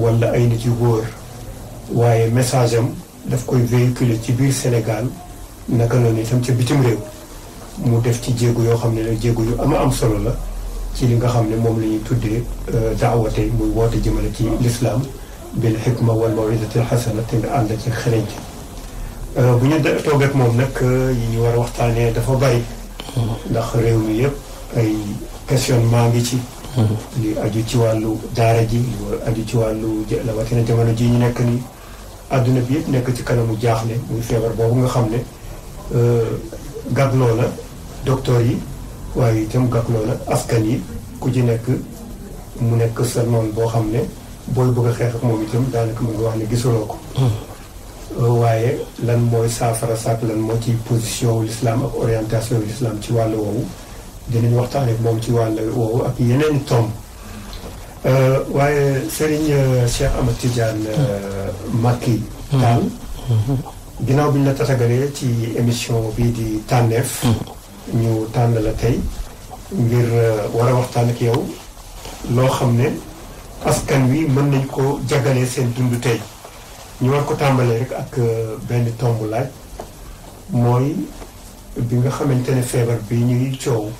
walla ay nit yu góor waaye message am daf koy véhiculer ci biir Sénégal naka noonu sam ci bitim réew mu def ci jéego yoo xam ne la jéego yu ama am solo la ci li nga xam ne moom la ñuy tuddee euh, daawate muy woote jëmale ci lislaam bil xikma wal mawidatil xasana te nga ànd ci xereñ ci euh, bu ñu toog moom nag euh, yi ñu war a waxtaanee dafa bari mm-hmm. ndax réew mi yëpp ay questionnement ngi ci li aju ci wàllu daara ji lu aju ci wàllu rawatina jamono ji ñu nekk ni àdduna bi nekk ci kanamu jaaxle muy feebar boobu nga xam ne euh, gàgloo na docteur yi waaye itam gàgloo na askan yi ku ci nekk mu nekk sa noon boo xam ne booy bëgg a xeex ak moom itam daanaka mu ngi wax ne gisuloo ko hmm. euh, waaye lan mooy saafara saak lan moo ci position lislaam orientation wu lislaam ci wàllu woowu dinañ waxtaan ak moom ci wàll woowu ak yeneen tomb euh, waaye Serigne euh, Cheikh Ahmed Tidiane euh, Macky mm-hmm. ginnaaw bi ñu la tasagalee ci émission bii di tànneef mm-hmm. ñu tànn la tey ngir war a waxtaan ak yow loo xam ne askan wi mën nañ ko jagalee seen dund tey ñu war ko tàmbalee rek ak benn tomb laaj mooy bi nga xamante ne feebar bi ñuy coow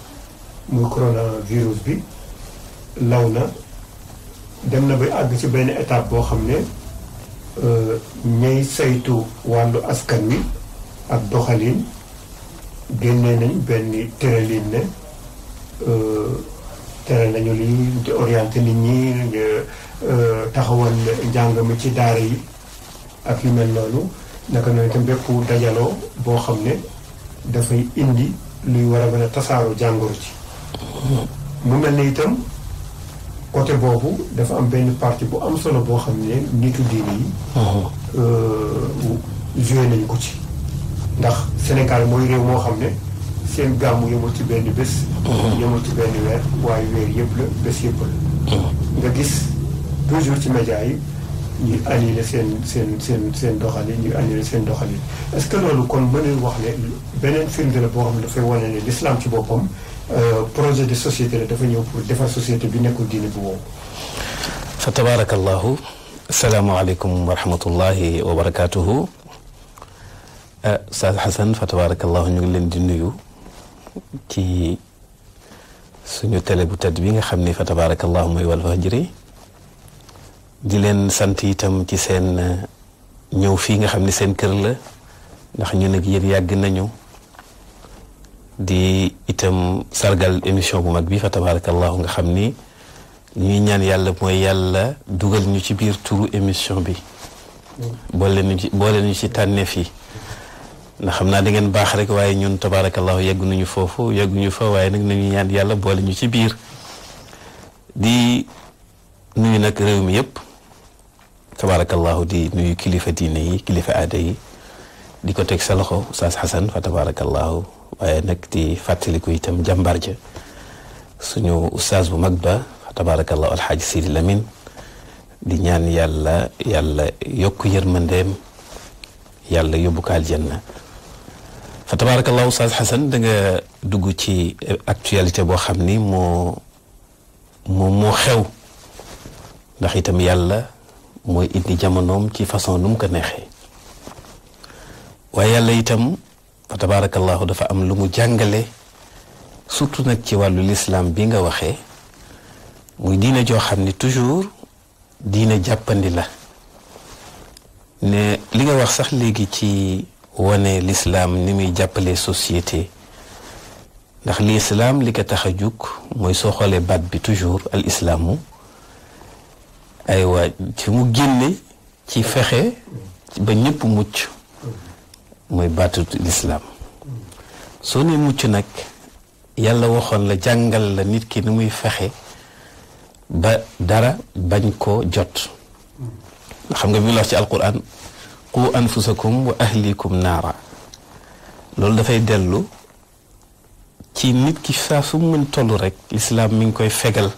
muy coronavirus bi law na dem na ba àgg ci benn étape boo xam ne euh, ñay saytu wàllu askan wi ak doxalin génnee nañ benn tëralin ne euh, tëral nañu lii di orienté nit ñi euh, taxawal njàng mi ci daara yi ak yu mel noonu naka noonu itam bépp dajaloo boo xam ne dafay indi luy war a mën a tasaaru jàngoor ci mu mel ne itam côté boobu dafa am benn parti bu am solo boo xam ne nitu diine yi uh-huh. euh, joué nañu ko ci ndax Sénégal mooy réew moo xam ne seen gàmmu yemul ci benn bés uh-huh. yemul ci benn weer waaye weer yëpp la bés yëpp la uh-huh. nga gis toujours ci médias yi ñuy annulé seen seen seen seen doxalin ñuy annulé seen doxalin est-ce que loolu kon mën wax ne beneen firnde la boo xam ne dafay wane ne l'islam ci boppam Euh, projet de société la dafa ñëw pour defar société bi nekkul diine bu wow. fa tabaarakallahu salaamaaleykum wa rahmatullahi wa barakaatuhu. Euh, Saad Xasan fa tabaarakallahu ñu ngi leen di nuyu ci suñu télé bu tedd bi nga xam ni fa tabaarakallahu mooy Walfadjri di leen sant itam ci seen euh, ñëw fii nga xam ni seen kër la ndax ñu nag yéen yàgg nañu. di itam sargal émission bu mag bi fa tabarakallahu nga xam ni li ñuy ñaan yàlla mooy yàlla dugal ñu ci biir turu émission bi boole ñu ci ñu ci tànneef yi ndax xam naa dangeen baax rek waaye ñun tabarakallahu yegg nañu foofu yegguñu fa waaye nag nañu ñaan yàlla boole ñu ci biir di nuyu nag réew mi yëpp tabarakallahu di nuyu kilifa diine yi kilifa aada yi di ko teg sa loxo Oustaz Assane fa tabarakallahu waaye nag di fàttaliku itam jàmbaar ja suñu ustaas bu mag ba tabarakallahu alxaaji Sidi di ñaan yàlla yàlla yokk yërmandeem yàlla yóbbu ko aljanna fa tabarakallahu ustaas Xasan da nga dugg ci actualité boo xam ni moo moo moo xew ndax itam yàlla mooy indi jamonoom ci façon num ko neexee waaye yàlla itam fa tabaarakallaahu dafa am lu mu jàngale surtout nag ci wàllu lislaam bi nga waxee muy diina joo xam ni toujours diina jàppandi la ne li nga wax sax léegi ci wane lislaam ni muy jàppale société ndax lislaam li ko tax a jug mooy soo xoolee baat bi toujours al islaamu ay waa ci mu génne ci fexe ba ñépp mucc mooy baatut lislaam soo ne mucc nag yàlla waxoon la jàngal la nit ki ni muy fexe ba dara bañ koo jot xam nga bi mu la wax ci alquran ku anfusakum wa ahlikum naara loolu dafay dellu ci nit ki saa su mën toll rek lislaam mi ngi koy fegal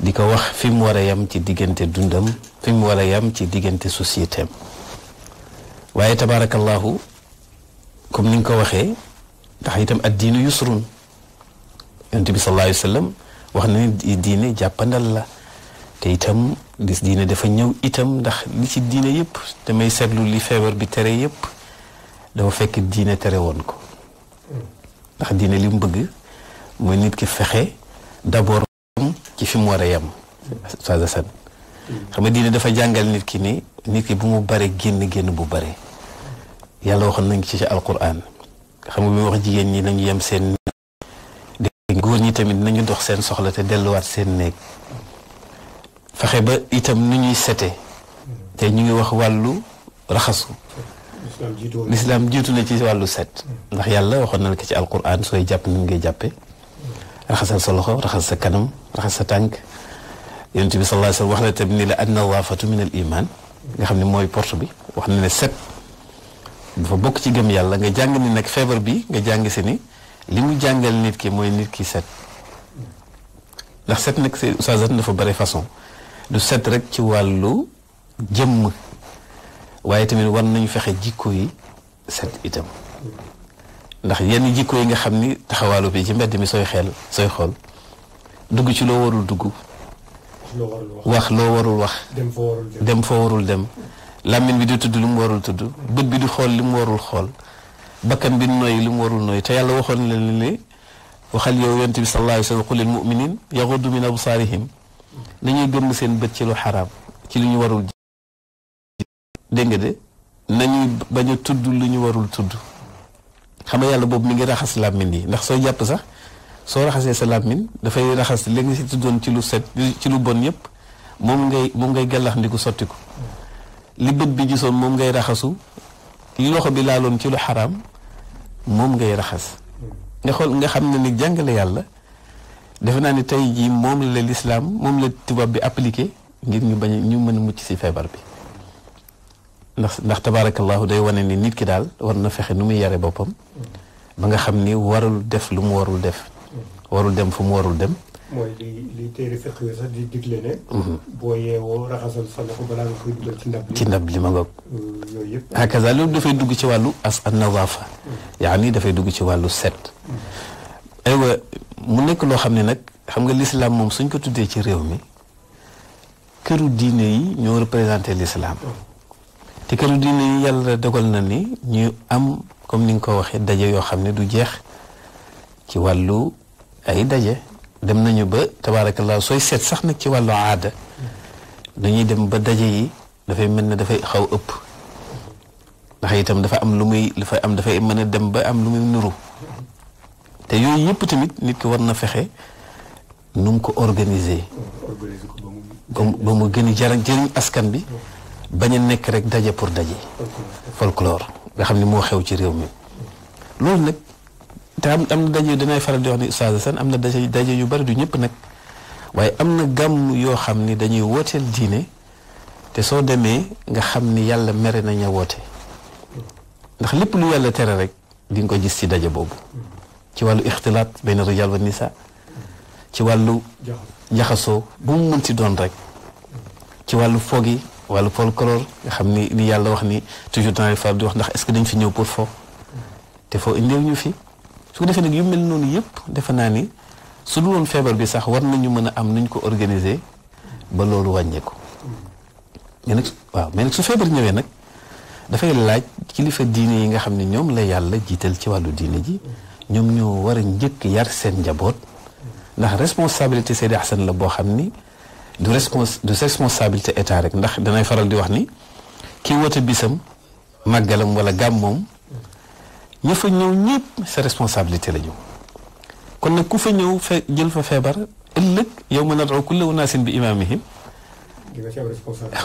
di ko wax fi mu war yam ci diggante dundam fi mu war ci diggante société waaye tabaarakallaahu comme ni nga ko waxee ndax itam ad diinu yusrun yonent bi sallallaahu alayhi wa wax na ne diine jàppandal la te itam dis diine dafa ñëw itam ndax li ci diine yëpp damay seetlu li feebar bi tere yépp dafa fekk diine tere woon ko ndax diine li mu bëgg mooy nit ki fexe d'abord ci fi mu war a yem sa san dafa jàngal nit ki ni nit ki bu mu bare génn génn bu bare yàlla waxoon nañ ci ci alquran xam nga bi wax jigéen ñi nañu yem seen néeg góor ñi tamit nañu dox seen soxla te delluwaat seen néeg fexe ba itam nu ñuy sete te ñu ngi wax wàllu raxasu lislaam jiitu na ci wàllu set ndax yàlla waxoon na la ko ci alquran sooy jàpp ni ngay jàppe raxasal sa loxo raxas sa kanam raxas sa tànk yonent bi sallallahu wax na tamit ni la an nadaafatu min al iman nga xam ne mooy porte bi wax na ne set dafa bokk ci gëm yàlla nga jàng ni nag feebar bi nga jàng si ni li mu jàngal nit ki mooy nit ki set ndax set nag si ustaasat dafa bare façon du set rek ci wàllu jëmm waaye tamit war nañu fexe jikko yi set itam ndax yenn jikko yi nga xam ni taxawaalu bi ci mbedd mi sooy xel sooy xool dugg ci loo warul dugg wax loo warul wax dem foo warul dem làmmiñ bi di tudd lu mu warul tudd bët bi di xool li mu warul xool bakkan bi nooy li mu warul nooy te yàlla waxoon leen ne waxal yow yonent bi sallallahu alayhi wa sallam qulil mu'minin yaghuddu min absaarihim nañuy gëmm seen bët ci lu xaraam ci lu ñu warul dégg nga de nañuy bañ a tudd lu ñu warul tudd xam nga yàlla boobu mu ngi raxas làmmin yi ndax soo jàpp sax soo raxasee sa làmmiñ dafay raxas léegi si tuddoon ci lu set ci lu bon yépp moom ngay moom ngay gàllax ndiku sotti ko li bët bi gisoon moom ngay raxasu li loxo bi laaloon ci lu xaraam moom ngay raxas nga xool nga xam ne ni jàngale yàlla defe naa ni tey jii moom la lislaam moom la tubaab bi appliqué ngir ñu bañ ñu mën a mucc si feebar bi ndax ndax tabaarakallaahu day wane ni nit ki daal war na fexe nu muy yare boppam ba nga xam ni warul def lu mu warul def warul dem fu mu warul dem mooy li li téere fiq mhm. boo yeewoo raxasal sa loxo balaa ci ndab li. ma ngoog. Euh, yooyu yëpp. hakaza loolu dafay dugg ci wàllu as an nazaafa. Mm. nii dafay dugg ci wàllu set. Mm. aywa mu nekk loo xam ne nag xam nga lislaam moom suñ ko tuddee ci réew mi këru diine yi ñoo représenté lislaam mm. te këru diine yi yàlla dogal na ni ñu am comme ni nga ko waxee daje yoo xam ne du jeex ci wàllu ay daje. dem nañu ba tabaarakallaa sooy seet sax nag ci wàllu aada dañuy dem ba daje yi dafay mel ne dafay xaw ëpp ndax itam dafa am lu muy dafa am dafay mën a dem ba am lu muy nuru te yooyu yëpp tamit nit ki war na fexe nu ko organiser ba mu gën a jariñ askan bi bañ nekk rek daje pour daje folklore nga xam ne moo xew ci réew mi loolu nag te am am na daje danay faral di wax ni Oustaz am na daje daje yu bari du ñëpp nag waaye am na gàmm yoo xam ni dañuy wooteel diine te soo demee nga xam ni yàlla mere na ña woote ndax lépp lu yàlla tere rek di nga ko gis ci daje boobu ci wàllu ixtilaat bayna rijal wa nisa ci wàllu jaxasoo bu mu mënti doon rek ci wàllu foog yi wàllu folklore nga xam ni yàlla wax ni toujours dans les di wax ndax est-ce que dañ fi ñëw pour fo te foo indiw ñu fi su ko defee nag yu mel noonu yëpp defe naa ni su dul feebar bi sax war nañu mën a am nañ ko organiser ba loolu wàññeeku. mais nag waaw mais su feebar ñëwee nag dafay laaj kilifa diine yi nga xam ne ñoom la yàlla jiital ci wàllu diine ji ñoom ñoo war a njëkk yar seen njaboot ndax responsabilité Seydi Hassane la boo xam ni du respons du responsabilité état rek ndax danay faral di wax ni ki woote bisam màggalam wala gàmmoom ña fa ñëw ñëpp sa responsabilité la ñu kon nag ku fa ñëw fe jël fa feebar ëllëg yow ma nad'u kulla unaasin bi imaamihim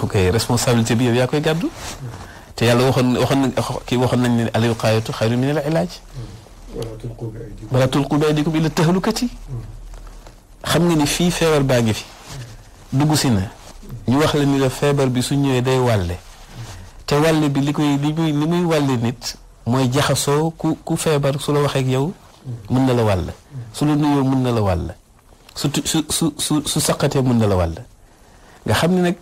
ok responsabilité bi yow yaa koy gàddu te yàlla waxoon waxoon kii waxoon nañ ne al wiqaayatu xayru min al ilaaj hmm. wala bi aydikum ila tahlukati hmm. xam nga ni fii feebar baa ngi fi hmm. dugg si na ñu wax la ni la feebar bi su ñëwee day wàlle te wàlle bi li koy li muy wàlle nit mooy jaxasoo ku ku feebar su la waxeek yow mën na la wàll su la nuyoo mën na la wàll su su su su su saqatee mun na la wàll nga xam ne nag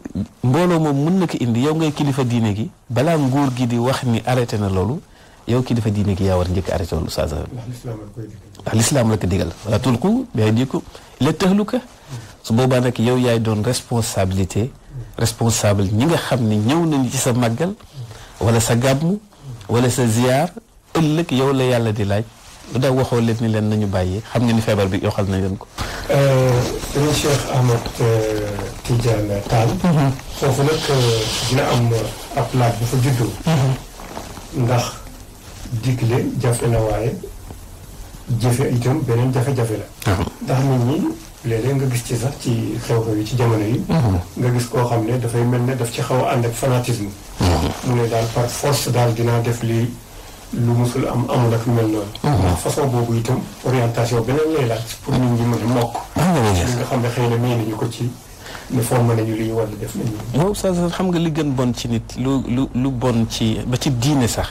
mbooloo moom mun na ko indi yow ngay kilifa diine gi balaa nguur gi di wax ni arrêté na loolu yow kilifa diine gi yaa war njëkk arrêté loolu saa saa ndax lislaam la ko digal wala tulqu bi aydiikum ilaa tahluka su boobaa nag yow yaay doon responsabilité responsable ñi nga xam ni ñëw nañu ci sa màggal wala sa gàmmu wala sa ziyaar ëllëg yow la yàlla di laaj lu daw waxoo leen ni leen nañu bàyyi xam nga ni feebar bi yoxal na leen ko. Euh, sëñ Cheikh Ahmad euh, Tidiane taal mhm. foofu nag euh, dina am ab laaj bu fa juddoo. Mhm. ndax digle jafe na waaye jëfe itam beneen jafe-jafe la. Ah. ndax nit ñi. léeg-léeg nga gis ci sax ci xew-xew yi ci jamono yi. Mm-hmm. nga gis koo xam ne dafay mel ne def ci xaw a ànd ak fanatisme. Mm-hmm. mu ne daal par force daal dinaa def lii lu musul am amul ak mel noonu. ndax mm-hmm. façon boobu itam orientation beneen lay pour nit ñi li nga xam ne xëy na may nañu ko ci ne formé nañu li ñu war def nañu. xam nga li gën bon ci nit lu lu lu bon ci ba ci diine sax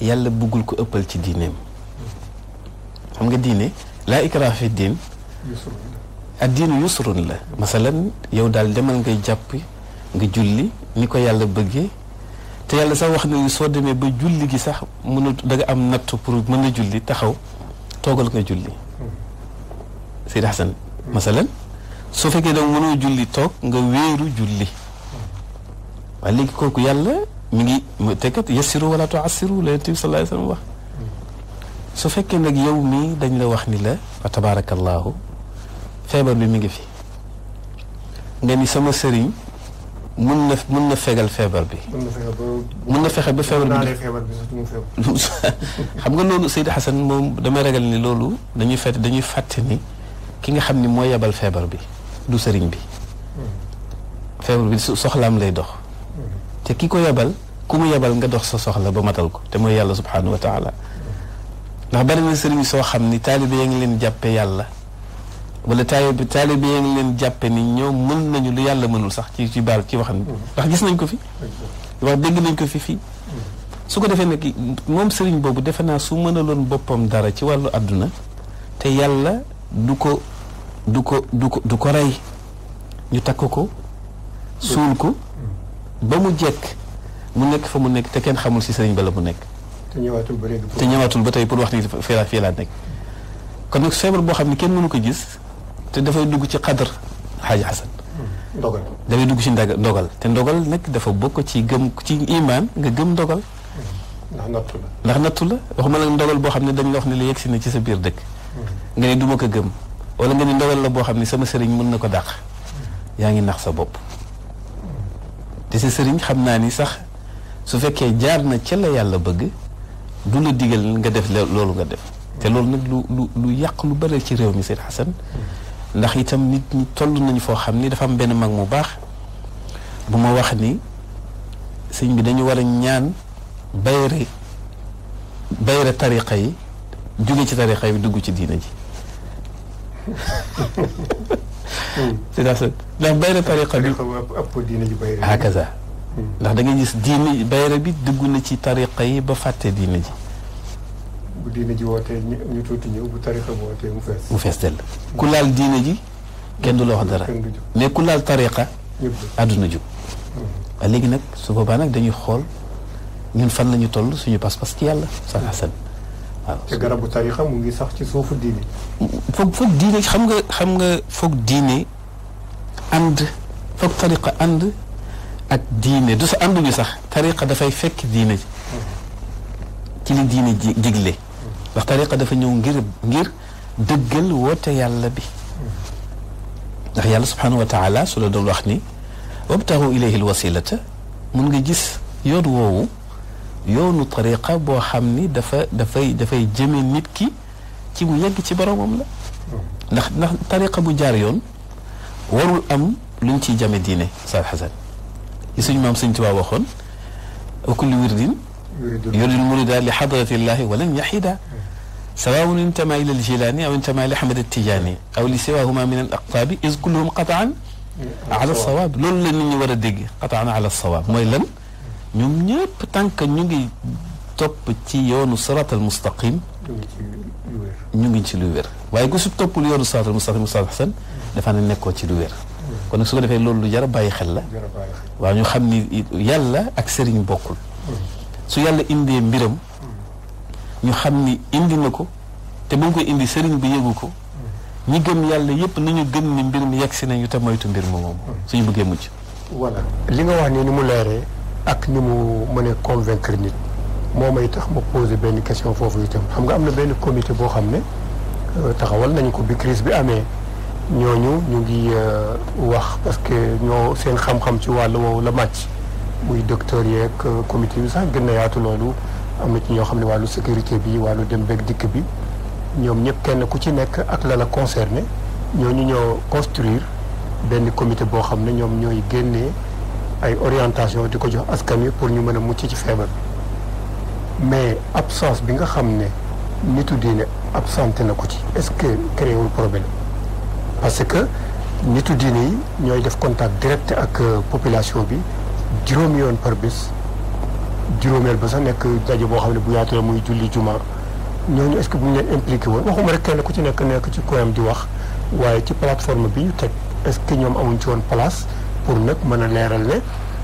yàlla buggul ko ëppal ci diineem nga diine laa ikraha diin. addiinu yusrun la masalan yow daal demal ngay jàpp nga julli ni ko yàlla bëggee te yàlla sax wax na soo demee ba julli gi sax mën a am natt mën a julli taxaw toogal nga soo fekkee da mënoo julli toog nga wéeru julli waaye léegi kooku yàlla mu ngi te kat yassiru wala tuassiru la yonent bi sallallahu alayhi wa wax su fekkee nag yow mii dañ la wax ni la fa tabaarakallaahu feebar bi mi ngi fi nga ni sama sëriñ mën na mën na fegal feebar bi. mën fexe ba feebar bi xam nga loolu Seydou Xasan moom damay ragal ni loolu dañuy fett dañuy fàtte ni ki nga xam ni moo yebal feebar bi du sëriñ bi. Hmm. feebar bi soxlaam lay dox. Hmm. te ki ko yebal ku mu yebal nga dox sa soxla ba matal ko te mooy yàlla subxanahu wa taala hmm. ndax bari na sëriñ soo xam ni taalibe yaa ngi leen jàppee yàlla. wala taalibe taalibe yi ngi leen jàppe ni ñoom mën nañu lu yàlla mënul sax ci ci baal ci waxam bi mm-hmm. ndax gis nañ ko fi mm-hmm. wax dégg nañ ko fi fii mm-hmm. su ko defee nag moom sëriñ boobu defe naa su mënaloon boppam dara ci wàllu àdduna te yàlla du ko du ko du ko du ko rey ñu takk ko suul ko ba mu jekk mu nekk fa mu nekk te kenn xamul si sëriñ ba la mu nekk te ñëwaatul ba tey pour wax ni fii laa fii laa nekk kon nag feebar boo xam ne kenn mënu ko gis te dafay dugg ci xadar xaaji xasan hmm. ndogal dafay dugg ci ndaga ndogal te ndogal nag dafa bokk ci gëm ci imaan nga gëm ndogal hmm. ndax nattu la ndax nattu la waxuma nag ndogal boo xam ne dañ la wax ne la yegg si na ci sa biir dëkk hmm. nga ne du ma ko gëm wala nga ne ndogal la boo xam ne sama sëriñ mën na ko dàq yaa ngi nax sa bopp te sa sëriñ xam naa ni sax su fekkee jaar na ca la yàlla bëgg du la digal nga def loolu nga def te loolu nag lu lu lu yàq lu bëri ci réew mi Seyd Xasan ndax itam nit ñi toll nañu foo xam ni dafa am benn mag mu baax bu ma wax ni sëñ bi dañu war a ñaan bayre bayre tariqa yi jóge ci tariqa yi dugg ci diina ji c'est ça ndax bayre tariqa bi hakaza hmm. ndax dangay gis diina bayre bi dugg na ci tariqa yi ba fàtte diina ji bu diine ji tuuti ñëw bu tarixa bi wootee mu ku laal diine ji kenn du la wax dara mais ku laal tariqa àdduna jub mm-hmm. waaye léegi nag su boobaa nag dañuy xool ñun fan lañu ñu toll suñu pas-pas ci yàlla sa xasan waaw te garabu tarixa mu ngi sax ci suufu diine foog xam nga xam nga foog diine ànd foog tariqa ànd ak diine du sa ànduñu sax tariqa dafay fekk diine mm-hmm. ci li diine digle ndax tariqa dafa ñëw ngir ngir dëggal woote yàlla bi ndax yàlla subhanahu wa su la doon wax ni wabtaxu ilayhi alwasilata mun nga gis yoon woowu yoonu tariqa boo xam ni dafa dafay dafay jëme nit ki ci mu yegg ci boromam la ndax ndax bu jaar yoon warul am luñ ciy jame diine sal xasan yi suñ maam suñ tubaa waxoon wa kulli wirdin يريد المريد لحضرة الله ولن يحدا سواء انتمى إلى الجيلاني أو انتمى إلى أحمد التجاني أو لسواهما من الأقطاب إذ كلهم قطعا على الصواب loolu la nit ñi war a dégg قطعا على الصواب mooy lan ñoom ñëpp tant que ñu ngi topp ci yoonu sirat al mustaqim ñu ngi ci lu wér waaye ku si toppul yoonu sirat al mustaqim Oustaz Assane dafa ne nekkoo ci lu wér kon nag su ko defee loolu lu jar a bàyyi xel la waaw ñu xam ni yàlla ak sëriñ bokkul su yàlla indee mbiram ñu xam ni indi na ko te ba nga koy indi sëriñ bi yëgu ko ñi gën yàlla yépp nañu gën ni mbir mi yegsi nañu te moytu mbir mi moom suñu bëggee mujj voilà li nga wax nii ni mu leeree ak ni mu mënee convaincre nit moo may tax ma posé benn question foofu itam xam nga am na benn comité boo xam ne euh, taxawal nañu ko bi crise bi amee ñooñu ñu ngi euh, wax parce que ñoo seen xam-xam ci wàll woowu la màcc muy docteur yeeg euh, comité yu sax gën na yaatu loolu am na ci ñoo xam ne wàllu sécurité bi wàllu dem beeg dikk bi ñoom ñëpp kenn ku ci nekk ak la la ñoo ñu ñoo construire benn comité boo xam ne ñoom ñooy génnee ay orientation di ko jox askan wi pour ñu mën a mucc ci feebar bi mais absence bi nga xam ne nitu diine absenté na ko ci est-ce que créé wul problème parce que nitu diine yi ñooy def contact direct ak euh, population bi juróom yoon par bés juróomeel ba sax nekk daje boo xam ne bu yaatu la muy julli juma ñooñu est-ce que bu ñu leen impliqué woon waxuma rek kenn ku ci nekk nekk ci koyam di wax waaye ci plateforme bi ñu teg est-ce que ñoom amuñ ci woon place pour nag mën a leeral ne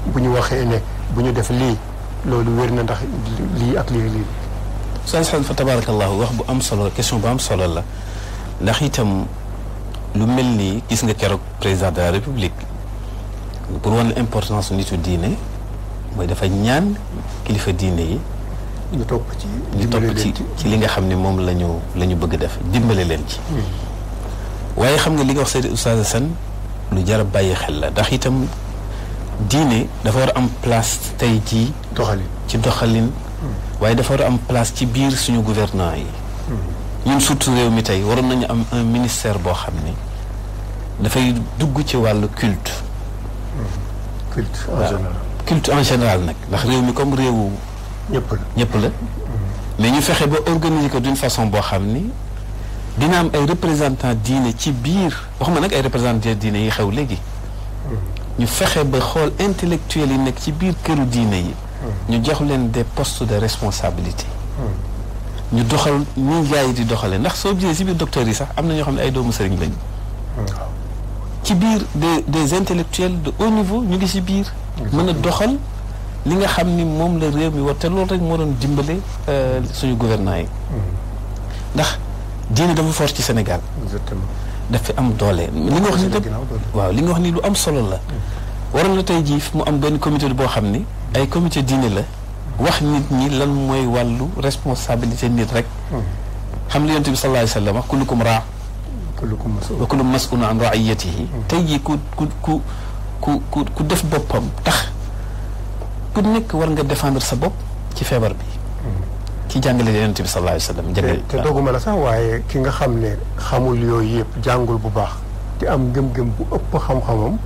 bu ñu waxee ne bu ñu def lii loolu wér na ndax lii ak lii lii. Oustaz Xel fa tabarakallahu wax bu am solo question bu am solo la ndax itam lu mel ni gis nga keroog président de la république. pour wan la importance nitu diine mooy dafa ñaan kilifa diine yi. ñu topp ci ñu topp ci ci li nga xam ne moom la ñu la ñu bëgg def dimbale leen ci. Hmm. waaye xam nga li nga wax Seydi Oustaz Assane lu jar a bàyyi xel la ndax itam diine dafa war am place tey jii. doxalin ci doxalin. Hmm. waaye dafa war am place ci biir suñu gouvernement yi. Hmm. ñun surtout réew mi tey waroon nañu am un ministère boo xam ne dafay dugg ci wàllu culte. culte en général en général nag ndax réew mi comme réewu. ñëpp la ñëpp la. mais ñu fexe ba organiser ko d'une façon boo xam ni dina am ay représentants diine ci biir wax waxuma nag ay représentants diine yi xew léegi. ñu fexe ba xool intellectuels yi nekk ci biir këru diine yi. ñu jox leen des post de responsabilité. ñu doxal ni gars yi di doxalee ndax soo jëlee si biir docteur yi sax am na ñoo xam ne ay doomu sëriñ lañu. ci biir des des intellectuels de haut niveau ñu ngi ci biir. mën a doxal li nga xam ni moom la réew mi war te loolu rek moo doon dimbale euh, suñu gouvernants yi. Mm-hmm. ndax diine dafa fort ci Sénégal. exactement dafa am doole. li nga wax ni dëpp waaw li nga wax ni lu am solo la. Mm-hmm. waroon na tey jii mu am benn comité boo xam ni. ay comité diine la. wax nit ñi lan mooy wàllu responsabilité nit rek. Mm-hmm. xam li yonent bi sallallahu alayhi wa sallam kullukum raa ko kullu mas'ulun an ra'iyatihi tey jii ku ku ku ku ku ku def boppam tax ku nekk war nga défendre sa bopp ci feebar bi ci mm-hmm. jàngale yonent bi sallallahu alayhi wa sallam jàngale te dogguma la sax waaye ki nga xam ne xamul yooyu yëpp jàngul bu baax te am gëm gëm bu ëpp xam-xamam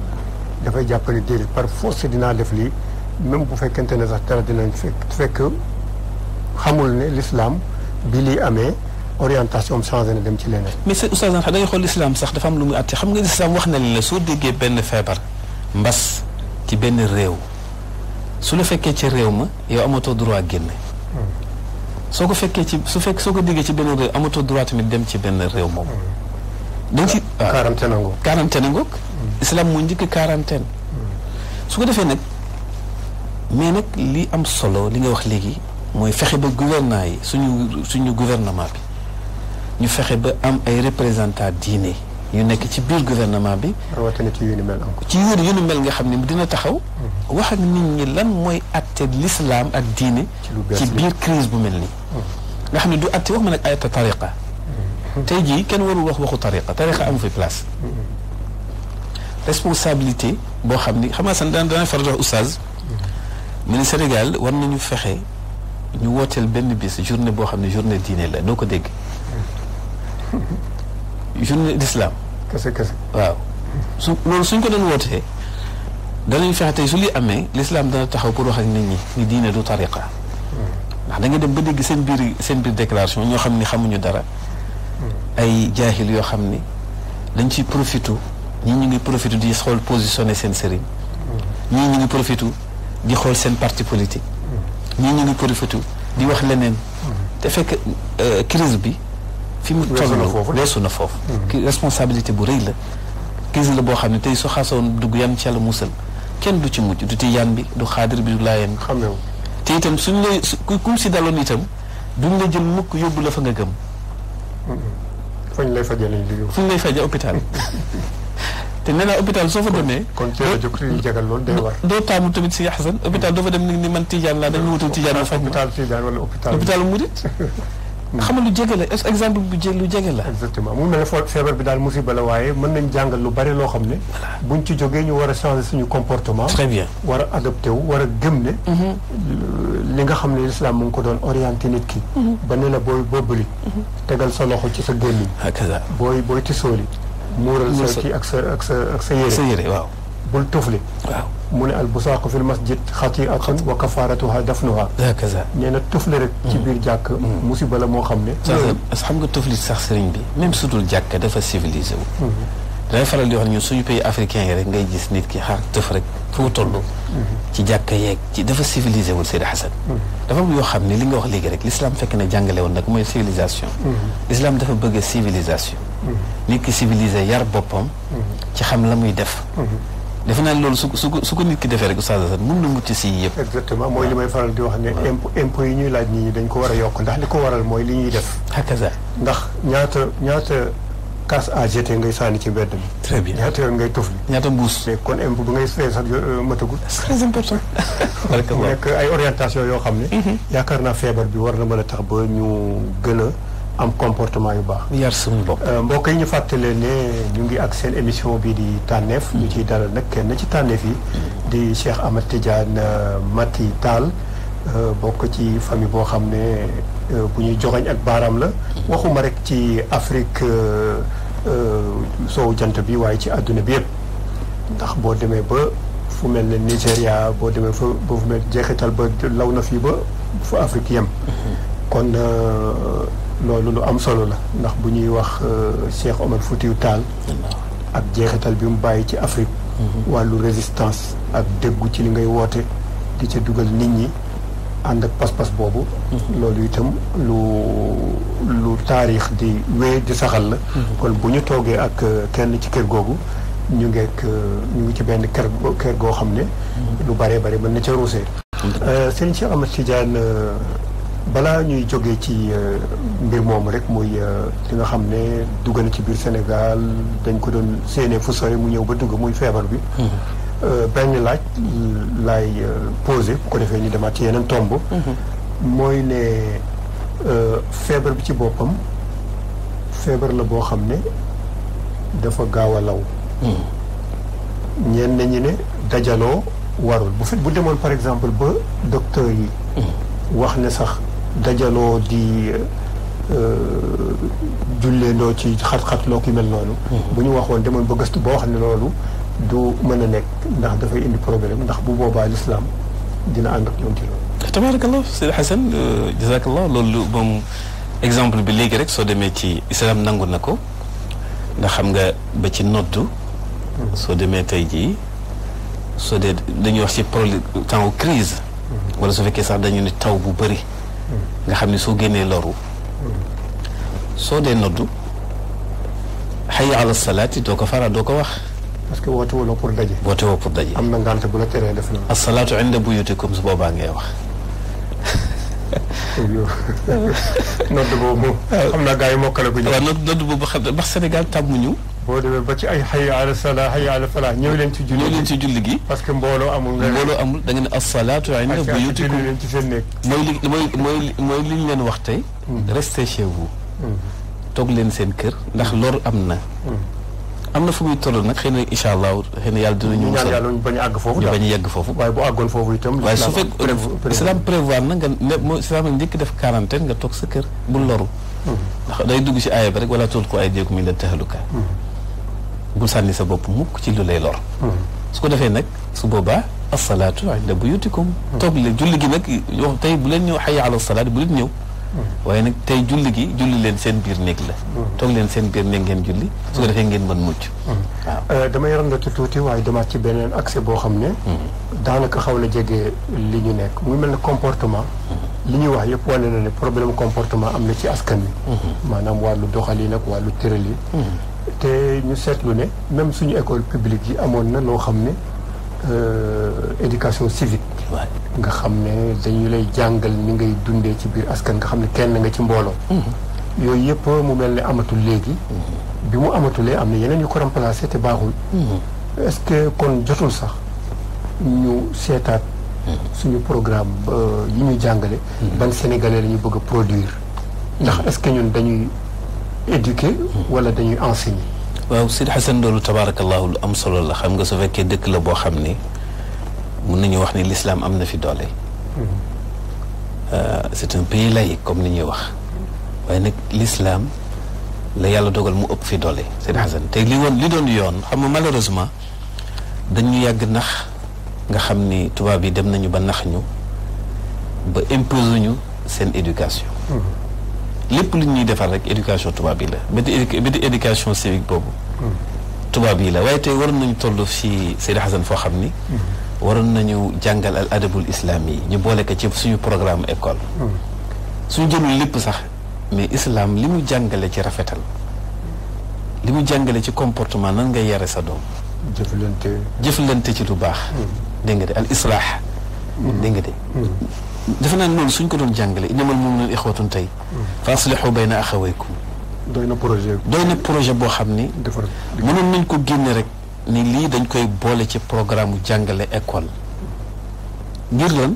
dafay jàpp ne déedéet par force dinaa def lii même bu fekkente ne sax dara dinañ fekk fekk xamul ne lislaam bi lii amee orientation am changé na dem ci leneen. mais c'est oustaz da ngay xool islam sax dafa am lu muy àtte xam nga islam wax na la soo déggee benn feebar mbas ci benn réew su la fekkee ci réew ma yow amatoo droit génne. soo ko fekkee ci su fekk soo ko déggee ci benn réew amatoo droit tamit dem ci benn réew moom. dañ ci waaw ah, quarantaine ngoog. quarantaine ngoog. islam moo njëkk quarantaine. su ko defee nag mais nag li am solo li nga wax léegi mooy fexe ba gouvernement yi suñu suñu gouvernement bi. ñu fexe ba am ay représentants diine yu nekk ci biir gouvernement bi. rawatina ci yoonu mel ci yoonu yoonu mel nga xam ne dina taxaw. Mm-hmm. wax ak nit ñi lan mooy atte l'islam ak diine. ci biir crise bu mel nii. Mm-hmm. nga xam ne du atte wax ma nag ayata tariqa. Mm-hmm. tey jii kenn warul wax waxu tariqa tariqa amu fi place. responsabilité boo xam ni xam nga sax daan daan faral di wax mu ne Sénégal war nañu fexe ñu wooteel benn bis journée boo xam ne journée diine la doo ko dégg. journée d'islam. kese kese waaw. su loolu suñ ko doon wootee danañ fexe tey su li amee lislaam dana taxaw pour wax ak nit ñi ni diine du tariqa. ndax da nga dem ba dégg seen biir seen biir déclaration ñoo xam ni xamuñu dara. ay jaahil yoo xam ni dañ ciy profitu ñii ñu ngi profitu di xool positionné seen sëriñ. ñii ñu ngi profitu di xool seen parti politique. ñii ñu ngi profitu di wax leneen. te fekk euh, crise bi. fi mu toll weesu na foofu hmm. ki responsabilité bu rëy la crise la boo xam ne tey su xasoon dugg yam ci yàlla musal kenn du ci mujj du tijaan bi du xaadir bi du laayeen bi te itam suñ lay kum si daloon itam duñ la jël mukk yóbbu la fa nga gëm hmm. fuñ lay faje lañ di fuñ lay faje hôpital te nee naa hôpital soo fa demee. kon teel a jóg li jagal loolu day war. doo taamu tamit si yaxsan hôpital doo fa dem ni man tijaan laa dañu wutal tijaan. mu faj ma hôpital tijaan wala hôpital. hôpital murit xamal lu jege la est-ce exemple bu jé lu jege la. exactement mu mel ne foofu feebar bi daal musiba la waaye mën nañ jàngal lu bare loo xam ne. buñ ci jógee ñu war a changer suñu comportement. très bien war a adopté wu war a gëm mhm. li nga xam ne l'islam mu ngi ko doon oriente nit ki. Mhm. ba ne la booy boobuli. Mhm. tegal sa loxo ci sa gémmiñ. booy booy tisooli. muural sa kii ak sa ak sa ak sa yére waaw. bul tufli waaw mu ne al busaaqu fil masjid xatiatun wa kafaratuha dafnuha hakaza nee na tufli rek ci mm. biir jàkk mm. musiba la moo xam ne xam nga tufli sax sëriñ bi même sudul jàkk dafa civilisé wu mm-hmm. dangay faral di wax ñun suñu pays africain yi rek ngay gis nit ki xaar rek fu mu mm-hmm. ci jàkka yeeg ci dafa civilisé wul Seydi Hasan mm-hmm. yoo xam ne li nga wax léegi rek l'islam fekk na jàngale woon nag mooy civilisation l'islam dafa bëgg civilisation nit ki civilisé yar boppam ci xam la muy def defe naa loolu su su ko nit ki defee rek oustaz Assane mun na mucc si yëpp. exactement mooy li may faral di wax ne. impôt impôt yi ñuy laaj nit dañ ko war a yokk ndax li ko waral mooy li ñuy def. hakaza ndax ñaata ñaata casse à jeter ngay sànni ci mbedd mi. très bien ñaata yoon ngay tufli. ñaata mbuus. mais kon impôt bu ngay fay sax euh, matagul. c'est très important. mu nekk ay orientation yoo xam ne. Mhm. yaakaar naa feebar bi war na mën a tax ba ñu gën a. am comportement yu baax. yar suñu bopp. Euh, mbokk yi ñu fàttalee ne ñu ngi ak seen émission bii di tànneef. ñu mm. ci dalal nag kenn ci tànneef yi. Mm. di Cheikh Ahmed Tidiane euh, Maty Tall. Euh, bokk ci famille boo xam ne bu ñuy joxañ ak baaraam la. Mm. waxuma rek ci Afrique soowu jant bi waaye ci àdduna bi yëpp. ndax boo demee ba fu mel ne Nigéria boo demee fa ba fu mel jeexital ba law na fii ba fu Afrique yem. Mm-hmm. kon. loolu lu am solo la ndax bu ñuy wax euh, Cheikh Omar Foutiou Tall ak jeexital bi mu bàyyi ci Afrique mm-hmm. wàllu résistance ak déggu ci li ngay woote di ca dugal nit ñi ànd ak pas-pas boobu mm-hmm. loolu itam lu lu taarix di wéy di saxal la mm-hmm. kon bu ñu toogee ak euh, kenn ci kër googu ñu ngeek euh, ñu ngi ci benn kër kër goo xam ne lu baree bare mën na ca ruusee Serigne Cheikh Ahmed Tidiane balaa ñuy jóge ci euh, mbir moom rek muy euh, li nga xam ne dugg na ci biir Sénégal dañ ko doon séenee fu sore mu ñëw ba dugg muy feebar bi. Mhm. Euh, benn laaj laay posé bu ko defee ñu demaat ci yeneen tomb. Mhm. mooy ne feebar bi ci boppam feebar la boo xam ne dafa gaaw a law. Mhm. ñeen nañu ne dajaloo warul bu fit bu demoon par exemple ba docteur yi. wax ne sax dajaloo di euh, julleendoo ci xat-xatloo ki mel noonu. Mhm. bu ñu waxoon demoon ba gëstu boo xam ne loolu du mën a nekk ndax dafay indi problème ndax bu boobaa lislaam dina ànd ak ñoom ci loolu. tabaarakallah Seydi Xasan euh, jazaakallah loolu moom exemple bi léegi rek soo demee ci islam nangu na ko ndax xam nga ba ci noddu. Mhm. soo demee tey jii soo dee dañuy wax ci temps crise mhm. wala su fekkee sax dañu ne taw bu bari nga xam ne soo génnee loru soo dee noddu hayya ala salaati doo ko fara ko wax parce que woote woo pour daje woote woo pour daje am na ngànt bu la teree def na asalaatu inda buyutikum su boobaa ngay wax nodd boobu moom xam naa gars yi mokkale ko ñu waaw nodd boobu xam ne ndax Sénégal tàmmuñu boo demee ba ci ay xay ala salaa xay ala falaa ñëw leen ci julli ñëw leen ci julli gi que mbooloo amul nga mbooloo amul da ngeen ne asalaatu inda buyutikum leen ci seen néeg mooy li mooy mooy li ñu leen wax tey hmm. restez chez vous hmm. toog leen seen kër ndax hmm. lor am na am na fu muy toll nag xëy na incha allah xëy na yàlla du ñaan yàlla ñu bañ a àgg foofu ñu bañ a yegg foofu. waaye bu àggoon foofu itam. waaye su fekk islam prévoir na nga ne islam njëkk def quarantaine nga toog sa kër bu loru. ndax day dugg si aaya ba rek wala tool ko ay jéego mi la taxaluka. bul sànni sa bopp mukk ci lu lay lor hmm. su ko defee nag su boobaa asalaatu inda buyutikum hmm. toog leen julli gi nag wax tey bu leen ñëw xaya ala salaat bu leen ñëw hmm. waaye nag tey julli gi julli leen seen biir néeg la toog leen seen biir néeg ngeen julli su ko defee ngeen mën mucc waaw euh, damay randatu tuuti waaye demaat ci beneen accès boo xam ne daanaka xaw na jege li ñu nekk mu mel ne comportement li ñuy wax yëpp wane na ne problème comportement am na ci askan wi maanaam wàllu doxalin ak wàllu tëralin te ñu seetlu ne même suñu école publique yi amoon na noo xam ne euh, éducation civique. nga xam ne dañu lay jàngal ni ngay dundee ci biir askan nga xam ne kenn nga ci mbooloo. Mm-hmm. yooyu yëpp mu mel ne amatul léegi. Mm-hmm. bi mu amatulee am na yeneen yu ko remplacé te baaxul. Mm-hmm. est-ce que kon jotul sax ñu seetaat. suñu programme euh, yi ñu jàngale. ban sénégalais lañu bëgg a produire. ndax est ñun dañuy. éduquer wala dañuy enseigner. waaw Sidi Xasan loolu tabaarakallahu lu am solo la xam nga su fekkee dëkk la boo xam ni mun nañu wax ni lislaam am na fi doole. Mm-hmm. Euh, c'est un pays laïque comme ni ñuy wax waaye nag lislaam la yàlla dogal mu ëpp fi doole Sidi Xasan te li woon li doon yoon xam nga malheureusement dañu yàgg nax nga xam ni tubaab yi dem nañu ba nax ñu ba imposer ñu seen éducation. Mm-hmm. lépp lu ñuy defar rek éducation tubaab yi la ba di éducation civique boobu tubaab yi la waaye tey waroon nañu toll si Seydi Hassan foo xam ni waroon nañu jàngal al adabul islaam yi ñu boole ko ci suñu programme école suñu jëlul lépp sax mais islaam li mu jàngale ci rafetal li mu jàngale ci comportement nan nga yare sa doom jëflante jëflante ci lu baax mm. dégg nga de al islaax mm. dégg de mm. dafa naan loolu suñ ko doon jàngale innamal mu'minuuna ixwatun tey. fa aslihu bayna axawaykum. doy na projet doy na projet boo xam ni. mënoon nañ ko génne rek ni lii dañ koy boole ci programme mu jàngale école. ngir loon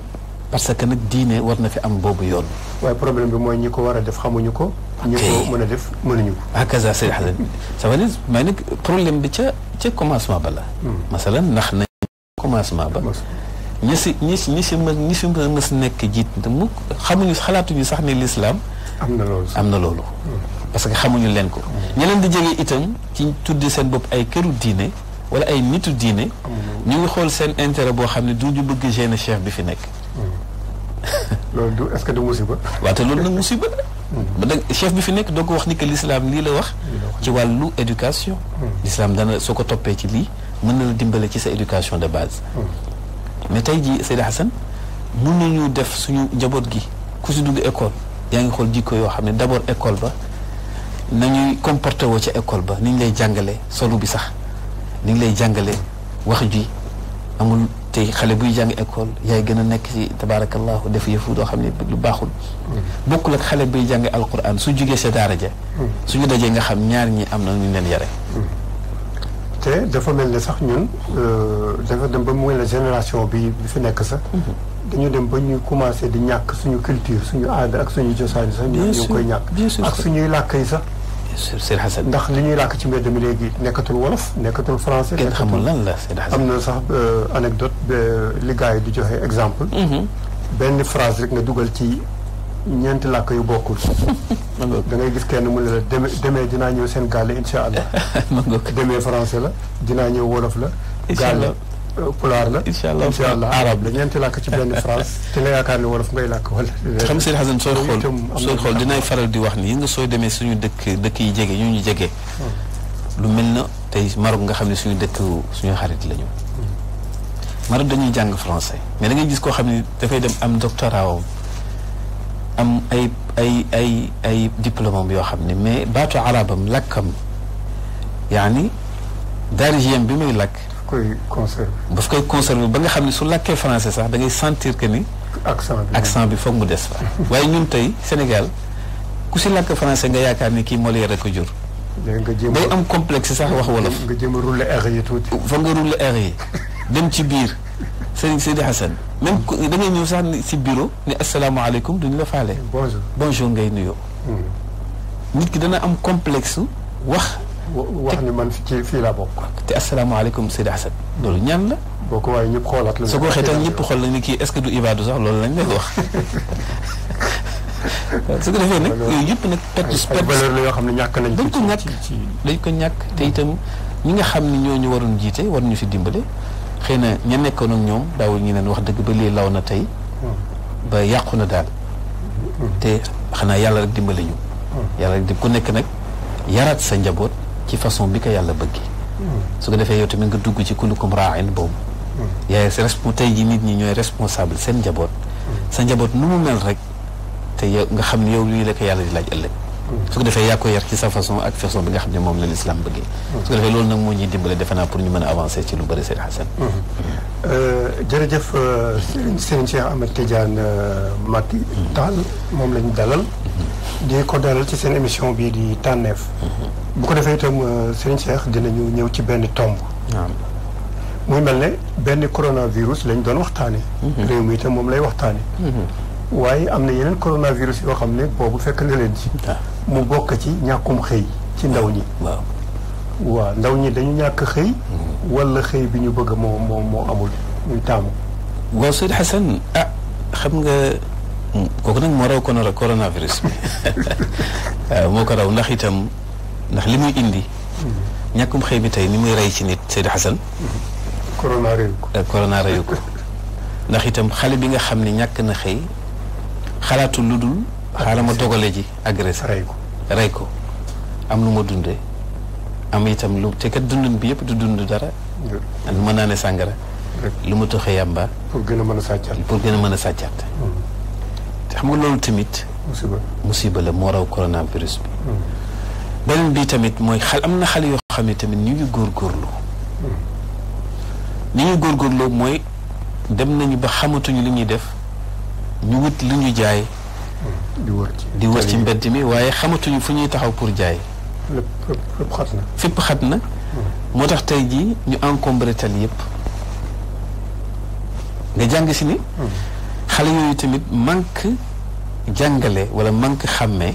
parce que nag diine war na fi am boobu yoon. waaye problème bi mooy ñi ko war a def xamuñu ko. ñu ko mën a def mënuñu ko. ah Kaza Seydou Hadj ça veut problème bi ca ca commencement ba la. Hmm. masalan ndax nañ commencement ba. ñi si ñi si ñi si ñi si nekk jiit mu xamuñu xalaatuñu sax ne lislaam am na loolu am na loolu. parce que xamuñu leen ko. Hmm. ñeleen di jege itam ci tuddi seen bopp ay këru diine wala ay nitu diine. ñu ngi xool seen intérêt boo xam ne du ñu bëgg gêner chef bi fi nekk. Hmm. loolu du est que du musiba. waaw te loolu nag musiba hmm. ba nag chef bi fi nekk doo ko wax ni que lislaam lii la wax. ci wàllu éducation. l'islam dana soo ko toppee ci lii mën na la dimbale ci sa éducation de baas mais tey jii Seydi Hassan mun nañu def suñu njaboot gi ku si dugg école yaa ngi xool jikko yoo xam ne d' abord école ba nañuy comporté woo ca école ba ni ñu lay jàngale solu bi sax ni ñu lay jàngale wax ji amul tey xale buy jàng ecole yaay gën a nekk ci tabaarakallahu def yëfu doo xam ne lu baaxul mm. bokkul ak xale buy jàng alquran su jugee sa daara ja mm. suñu dajee nga xam ñaar ñi am na ñu leen yare mm. te dafa mel ne sax ñun euh, dafa dem ba mu mel ne génération bi fi nekk sax. Mhm. dañu dem ba ñuy commencé di ñàkk suñu culture suñu aada ak suñu cosaan sax. ñu ngi koy ñàkk ak suñuy làkk yi sax. ndax li ñuy làkk ci mbedd mi léegi nekkatul wolof nekkatul français. kenn xamul lan la am na sax euh, anecdote li gars yi di joxe exemple. Mhm. benn phrase rek nga dugal ci. ñeenti làkk yu bokkul. da ngay gis kenn mu ne la demee deme dinaa ñëw seen gàlle incha allah. demee français la dinaa ñëw wolof la. gàlle euh, pulaar la. incha allah incha allah arab la ñeenti làkk ci benn France. te la yaakaar ne wolof ngay làkk wala. xam si xasan sooy xool sooy xool dinaay faral di wax ni yi nga sooy demee suñu dëkk dëkk yi jege ñu ñu jege. Hmm. lu mel na tey Maroc nga xam ne suñu dëkk suñu xarit la ñu. Hmm. Maroc dañuy jàng français mais da ngay gis koo xam ne dafay dem am doctorat am ay ay ay ay diplôme yoo xam ne mais baatu arabam lakkam yaani darajiyam bi muy lakk. daf koy conserver. koy conserver ba nga xam ne su lakkee français sax dangay sentir que ni. accent bi accent bi foog mu des fa. waaye ñun tey Sénégal ku si lakk francais nga yaakaar ni kii Molière rek ko jur. day am complexe sax wax wolof. nga jéem a rouler air yi tuuti. nga rouler air yi dem ci biir. Sëriñ Sidi Hassan même da ngay ñëw sax si bureau ni asalaamaaleykum duñu la faale. bonjour bonjour ngay nuyoo. Hmm. nit ki dana am complexe wax. wax ni man ci fii laa bokk. te asalaamaaleykum Sidi Hassan loolu ñaan la. boo ko waaye ñëpp xoolaat la. su ko waxee tam ñëpp xool la ni kii est-ce que du ibaadu sax loolu lañ lay wax. su ko defee nag yooyu yëpp nag. perte perte la yoo xam ne ñàkk nañ ko dañ ko ñàkk dañ ko ñàkk te itam ñi nga xam ni ñoo ñu waroon jiite war ñu si dimbale. xëy na ña nekkoon ak ñoom daawul ñu leen wax dëgg ba lii law na tey ba yàqu na daal te xanaa yàlla rek dimbali ñu yàlla rek di ku nekk nag yaraat sa njaboot ci façon bi ko yàlla bëggee su ko defee yow tamit nga dugg ci kulukum raain boobu yaay respon tey ji nit ñi ñooy responsable seen njaboot sa njaboot nu mu mel rek te yow nga xam ne yow lii la ko yàlla di laaj ëllëg su ko defee yaa ko yar ci sa façon ak façon bi nga xam ne moom la lislaam bëggee su ko defee loolu nag moo ñuy dimbale defe naa pour ñu mën a avancer ci lu bëri mhm. euh, euh, Serigne Hassan jërëjëf Serigne Cheikh Ahmed Tidiane euh, moom lañu dalal mhm. di ko dalal ci seen émission bii di tànneef mhm. bu ko defee itam Serigne Cheikh dinañu ñëw ci benn tomb muy mel ne benn coronavirus lañ doon waxtaane réew mi itam moom lay waxtaane waaye am na yeneen coronavirus yoo xam ne boobu fekk na leen mu bokk ci ñàkkum xëy ci ndaw ñi. waaw ndaw ñi dañu ñàkk xëy. Mm-hmm. wala xëy bi ñu bëgg moo moo moo amul muy taamu. waaw Seydou Xassane ah xam nga mm, kooku nag moo raw kono coronavirus bi waaw moo ko raw ndax itam ndax li muy indi. Mm-hmm. ñàkkum xëy bi tey ni muy rey ci nit Seydou Xassane. Mm-hmm. corona reyu ko eh, ndax itam xale bi nga xam ne ñàkk na xëy xalaatu lu dul xaaral ma dogale ji agressé rey ko ko am lu ma dunde am itam lu te kat dundin bi yëpp du dund dara lu ma naane sàngara lu ma toxee yàmba pour gën a mën a sàccaat pour gën mën a sàccaat mm-hmm. te xam nga loolu tamit musiba la moo raw coronavirus bi mm-hmm. beneen bi tamit mooy xal am na xale yoo xam ne tamit ñu góor góorgóorlu mm-hmm. ni ñu góorgóorloo mooy dem nañu ba xamatuñu li ñuy def ñu wut lu ñu jaay di wër ci mbedd mi waaye xamatuñu fu ñuy taxaw pour jaay. lépp xat na. fépp xat na. Hmm. moo tax tey jii ñu encombré tal nga jàng si ni. Hmm. xale yooyu tamit manque jàngale wala manque xàmmee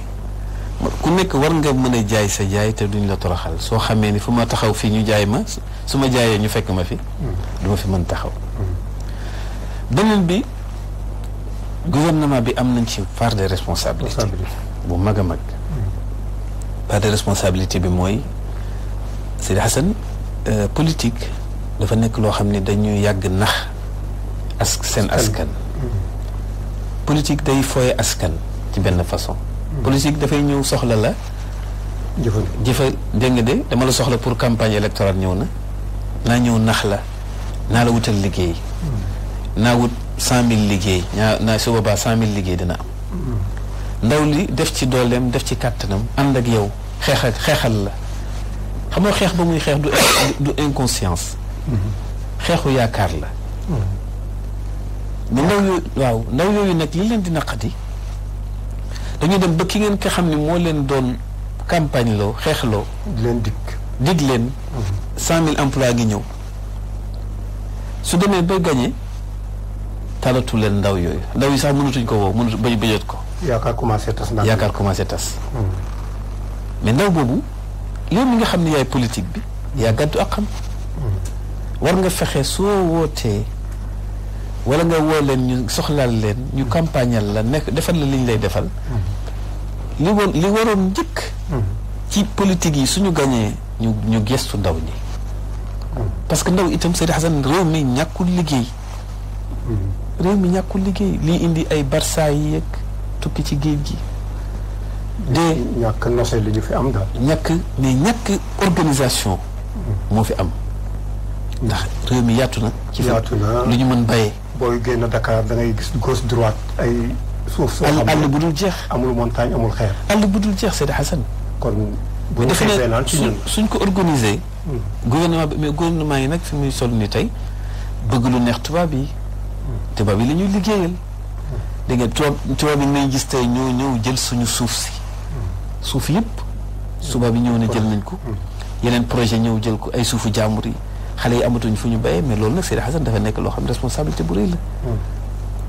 ku nekk war nga mën jaay sa jaay te duñ la toroxal soo xamee ni fu ma taxaw fii ñu jaay ma su ma jaayee ñu fekk ma fi. Hmm. du fi mën taxaw. beneen bi. gouvernement bi am nañ ci part de responsabilité bu mag a mag part de responsabilité bi mooy Seydi Hassan euh, politique dafa nekk loo xam ne dañuy yàgg nax as seen askan mm-hmm. politique day fooye askan ci benn façon mm-hmm. politique dafay ñëw soxla la jëfa dégg nga de dama la soxla pour campagne électorale ñëw na naa ñëw nax la naa la wutal liggéey mm-hmm. naa wut cent mille liggéey ñaa na su boobaa cent mille liggéey dina am ndaw li def ci dooleem def ci kàttanam ànd ak yow xeex ak xeexal la xam nga xeex ba muy xeex du du inconscience xeexu yaakaar la mais ndaw yooyu waaw ndaw yooyu nag li leen di naqati dañuy dem ba ki ngeen ko xam ne moo leen doon campagne loo xeex loo leen dikk dig leen mhm. cent mille emplois ngi ñëw su demee ba gagné talatu leen ndaw yooyu ndaw yi sax mënatuñ ko woo mënatu bañ bañat ko. yaakaar commencé tas ndax yaakaar commencé tas. Hmm. mais ndaw boobu yow mi nga xam ne yaay politique bi yaa gàddu ak xam. Hmm. war nga fexe soo wootee wala nga woo leen ñu soxlaal leen ñu hmm. campagnal la nekk defal la liñ lay defal. li waroon njëkk. ci politique yi suñu gañee ñu ñu gestu ndaw ñi. parce que ndaw itam Seydou Hassan réew mi ñàkkul liggéey. réew mi ñàkkul liggéey lii indi ay barça yi tukki ci géej gi. de ñàkk nose li ñu fi am daal. ñàkk mais ñàkk organisation. moo fi am. ndax réew mi yaatu na. ci fa lu ñu mën bayee. booy génn Dakar da ngay gis gauche droite ay. suuf soo xam àll bu dul jeex. amul montagne amul xeer. àll bu dul jeex Seydi Hassan. kon bu ñu xeexee naan ci suñ ko organisé. Hmm. gouvernement bi mais gouvernement yi nag fi muy sol ni tey bëgg lu neex tubaab yi. tubaab yi la ñuy liggéeyal dégg nga tubaab tubaab yi ngay gis tey ñoo ñëw jël suñu suuf si suuf yëpp subaab yi ñëw na jël nañ ko yeneen projet ñëw jël ko ay suufu jàmbur yi xale yi amatuñ fu ñu béyee mais loolu nag Seydi Xasan dafa nekk loo xam responsabilité bu rëy la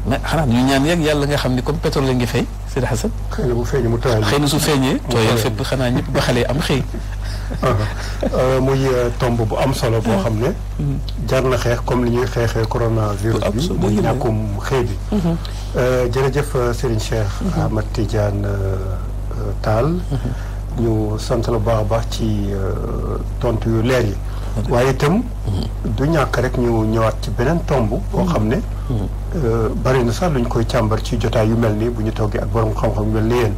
mais xanaa ñu ñaan yegg yàlla nga xam ni comme pétrole la ngi fay Seydi Xasan xëy na su feeñee tooyal fépp xanaa ñëpp ba xale yi am xëy Uh-huh. Uh, muy uh, tomb bu am solo boo xam ne. jar na xeex comme ni ñuy xeexee coronavirus bi muy ñàkkum xëy bi. Uh-huh. Uh, jërëjëf Serigne Cheikh. Uh-huh. Ahmad Tidiane Tall. ñu sant la baax baax ci tontu yu leer yi. waaye itam du ñàkk rek ñu ñëwaat ci beneen tomb boo xam ne bari na sax luñ koy càmbar ci jotaay yu mel ni bu ñu toggee ak borom xam-xam yu mel ni yéen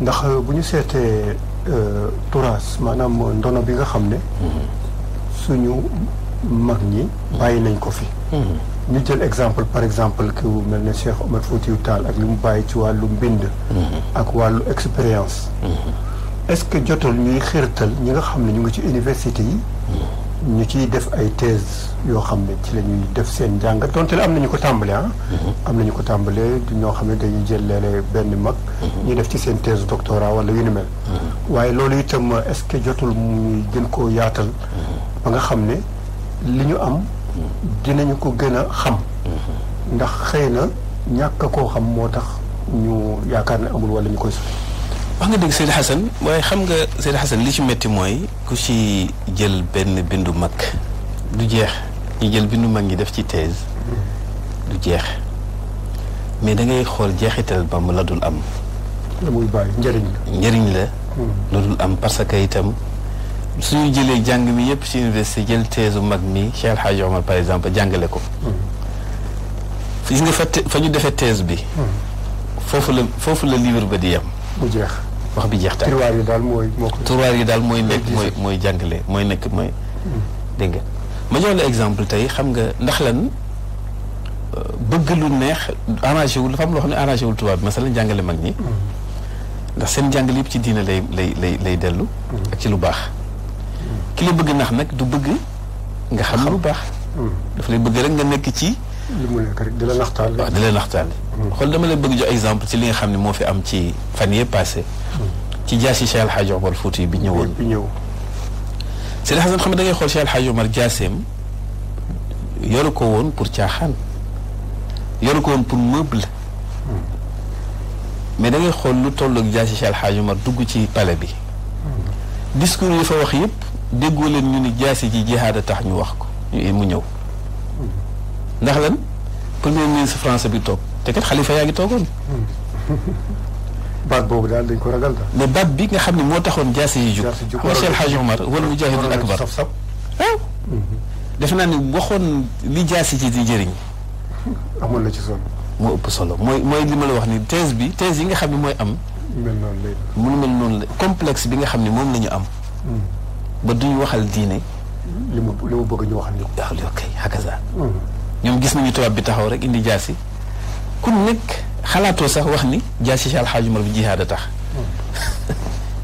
ndax bu ñu seetee Euh, turaas maanaam ndono bi nga xam ne suñu mag ñi bàyyi nañ ko fi ñu jël exemple par exemple ki mel ne Cheikh Omar Foutiyou Tall ak li mu bàyyi ci wàllu mbind ak wàllu expérience mm-hmm. est-ce que jotul ñuy xirtal ñi nga xam ne ñu ngi ci université yi ñu ciy def ay thèse yoo xam ne ci la def seen jàngat donte la am nañu ko tàmbale ah. Mm-hmm. am nañu ko tàmbalee du ñoo xam ne dañuy jël benn mag. Mm-hmm. ñu def ci seen thèse doctorat wala yu ni mel. Mm-hmm. waaye loolu itam est-ce que jotul mu gën koo yaatal. ba nga xam ne li ñu am. dinañu ko gën a xam. ndax xëy na ñàkk koo xam moo tax ñu yaakaar ne amul walla ñu koy. wax nga dégg Seydou Xassane waaye xam nga Seydou Xassane li ci métti mooy ku ci jël benn bindu mag du jeex ñu jël bindu mag ñi def ci thèse du jeex mais dangay xool jeexital ba mu la dul am. la muy bàyyi njëriñ la. njëriñ hmm. dul am parce que itam suñu jëlee jàng mi yëpp ci université jël thèse mag mi Cheikh El Hadj par exemple jàngale ko. Hmm. gis nga fa fa ñu defe thèse bi. Hmm. foofu la foofu la livre ba di yem. jeex. wax bi jeex taal turwaar yi daal mooy moo ko. yi daal mooy nekk mooy mooy jàngale mooy nekk mooy. dégg nga ma la exemple tey xam nga ndax lan euh, bëgg lu neex arrangé wul dafa am loo xam ne arrangé wul tubaab bi masalan jàngale mag ñi. ndax seen jàngale yëpp ci diine lay lay lay lay dellu. ak ci lu baax. ki la bëgg nax nag du bëgg nga xam lu baax. Hmm. daf lay bëgg rek nga nekk ci. li mu nekk rek di la naxtaal. waaw di la naxtaal. Mm. xool dama la bëgg jox exemple si li nga xam ne moo fi am ci fan yee passé mm. ci jaasi Cheikh El Hadj Omar Fouti bi ñëwoon. bi ñëw. Seydi Xasan xam ne dangay xool Cheikh El Hadj Omar jaaseem yoru ko woon pour caaxaan yoru ko woon pour meuble. Mm. mais dangay xool lu toll ak jaasi Cheikh El Hadj Omar dugg ci palais bi. discours yi fa wax yëpp déggoo leen ñu ni yi ji jihaad a tax ñu wax ko mu ñëw. ndax lan premier ministre français bi toog te kat xalifa yaa ngi toogoon. baat boobu daal dañ ko ragal daal. mais baat bi nga xam ne moo taxoon jaase yi jug. jaase yi jug Cheikh Hadji Omar wala mujahidul akbar waaw. Mhm. defe naa ne waxoon li jaase ji di jëriñ. amoon na ci solo. moo ëpp solo mooy mooy li ma la wax ni thèse bi thèse yi nga xam ne mooy am. mel noonu lay mu mel noonu la complexe bi nga xam ne moom la ñu am. Mhm. ba duñu waxal diine. li mu li mu bëgg ñu waxal ñu ko. waaw ok hakaza. Mhm. ñoom gis nañu tubaab bi taxaw rek indi jaasi ku nekk xalaatoo sax wax ni jaasi si alxaaji bi jihaad a tax hmm.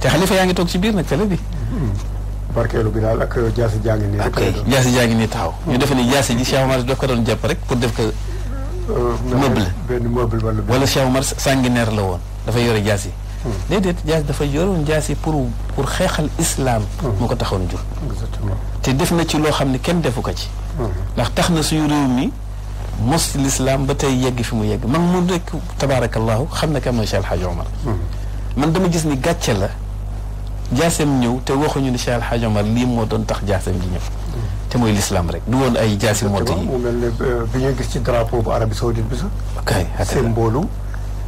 te xalifa yaa ngi toog ci biir nag télé bi. Hmm. barkeelu bi daal ak jaasi jaa ngi nii. ok jaasi jaa ngi taxaw. ñu defe ni hmm. jaasi ji Cheikh Omar daf ko doon jàpp rek pour def ko. Euh, meuble benn meuble wala. wala Cheikh Omar sanguinaire la woon dafay yore jaasi. déedéet jaasi dafa yoroon jaasi pour pour xeexal islam. moo ko taxoon jur. te def na ci loo xam ne kenn defu ko ci. ndax tax na suñu réew mi lislaam ba tey yegg fi mu yegg man mun rek tabaarakallahu xam na kan mooy Cheikh Alhaji Omar mm-hmm. man dama gis ni gàcce la jaasem ñëw te waxuñu ne Cheikh Alhaji Omar lii moo doon tax jaasem ji ñëw mm-hmm. te mooy lislaam rek du woon ay jaasi mott yi mu mel euh, bi ñuy gis ci drapeau bu Arabie Saoudite bi sax kay symbole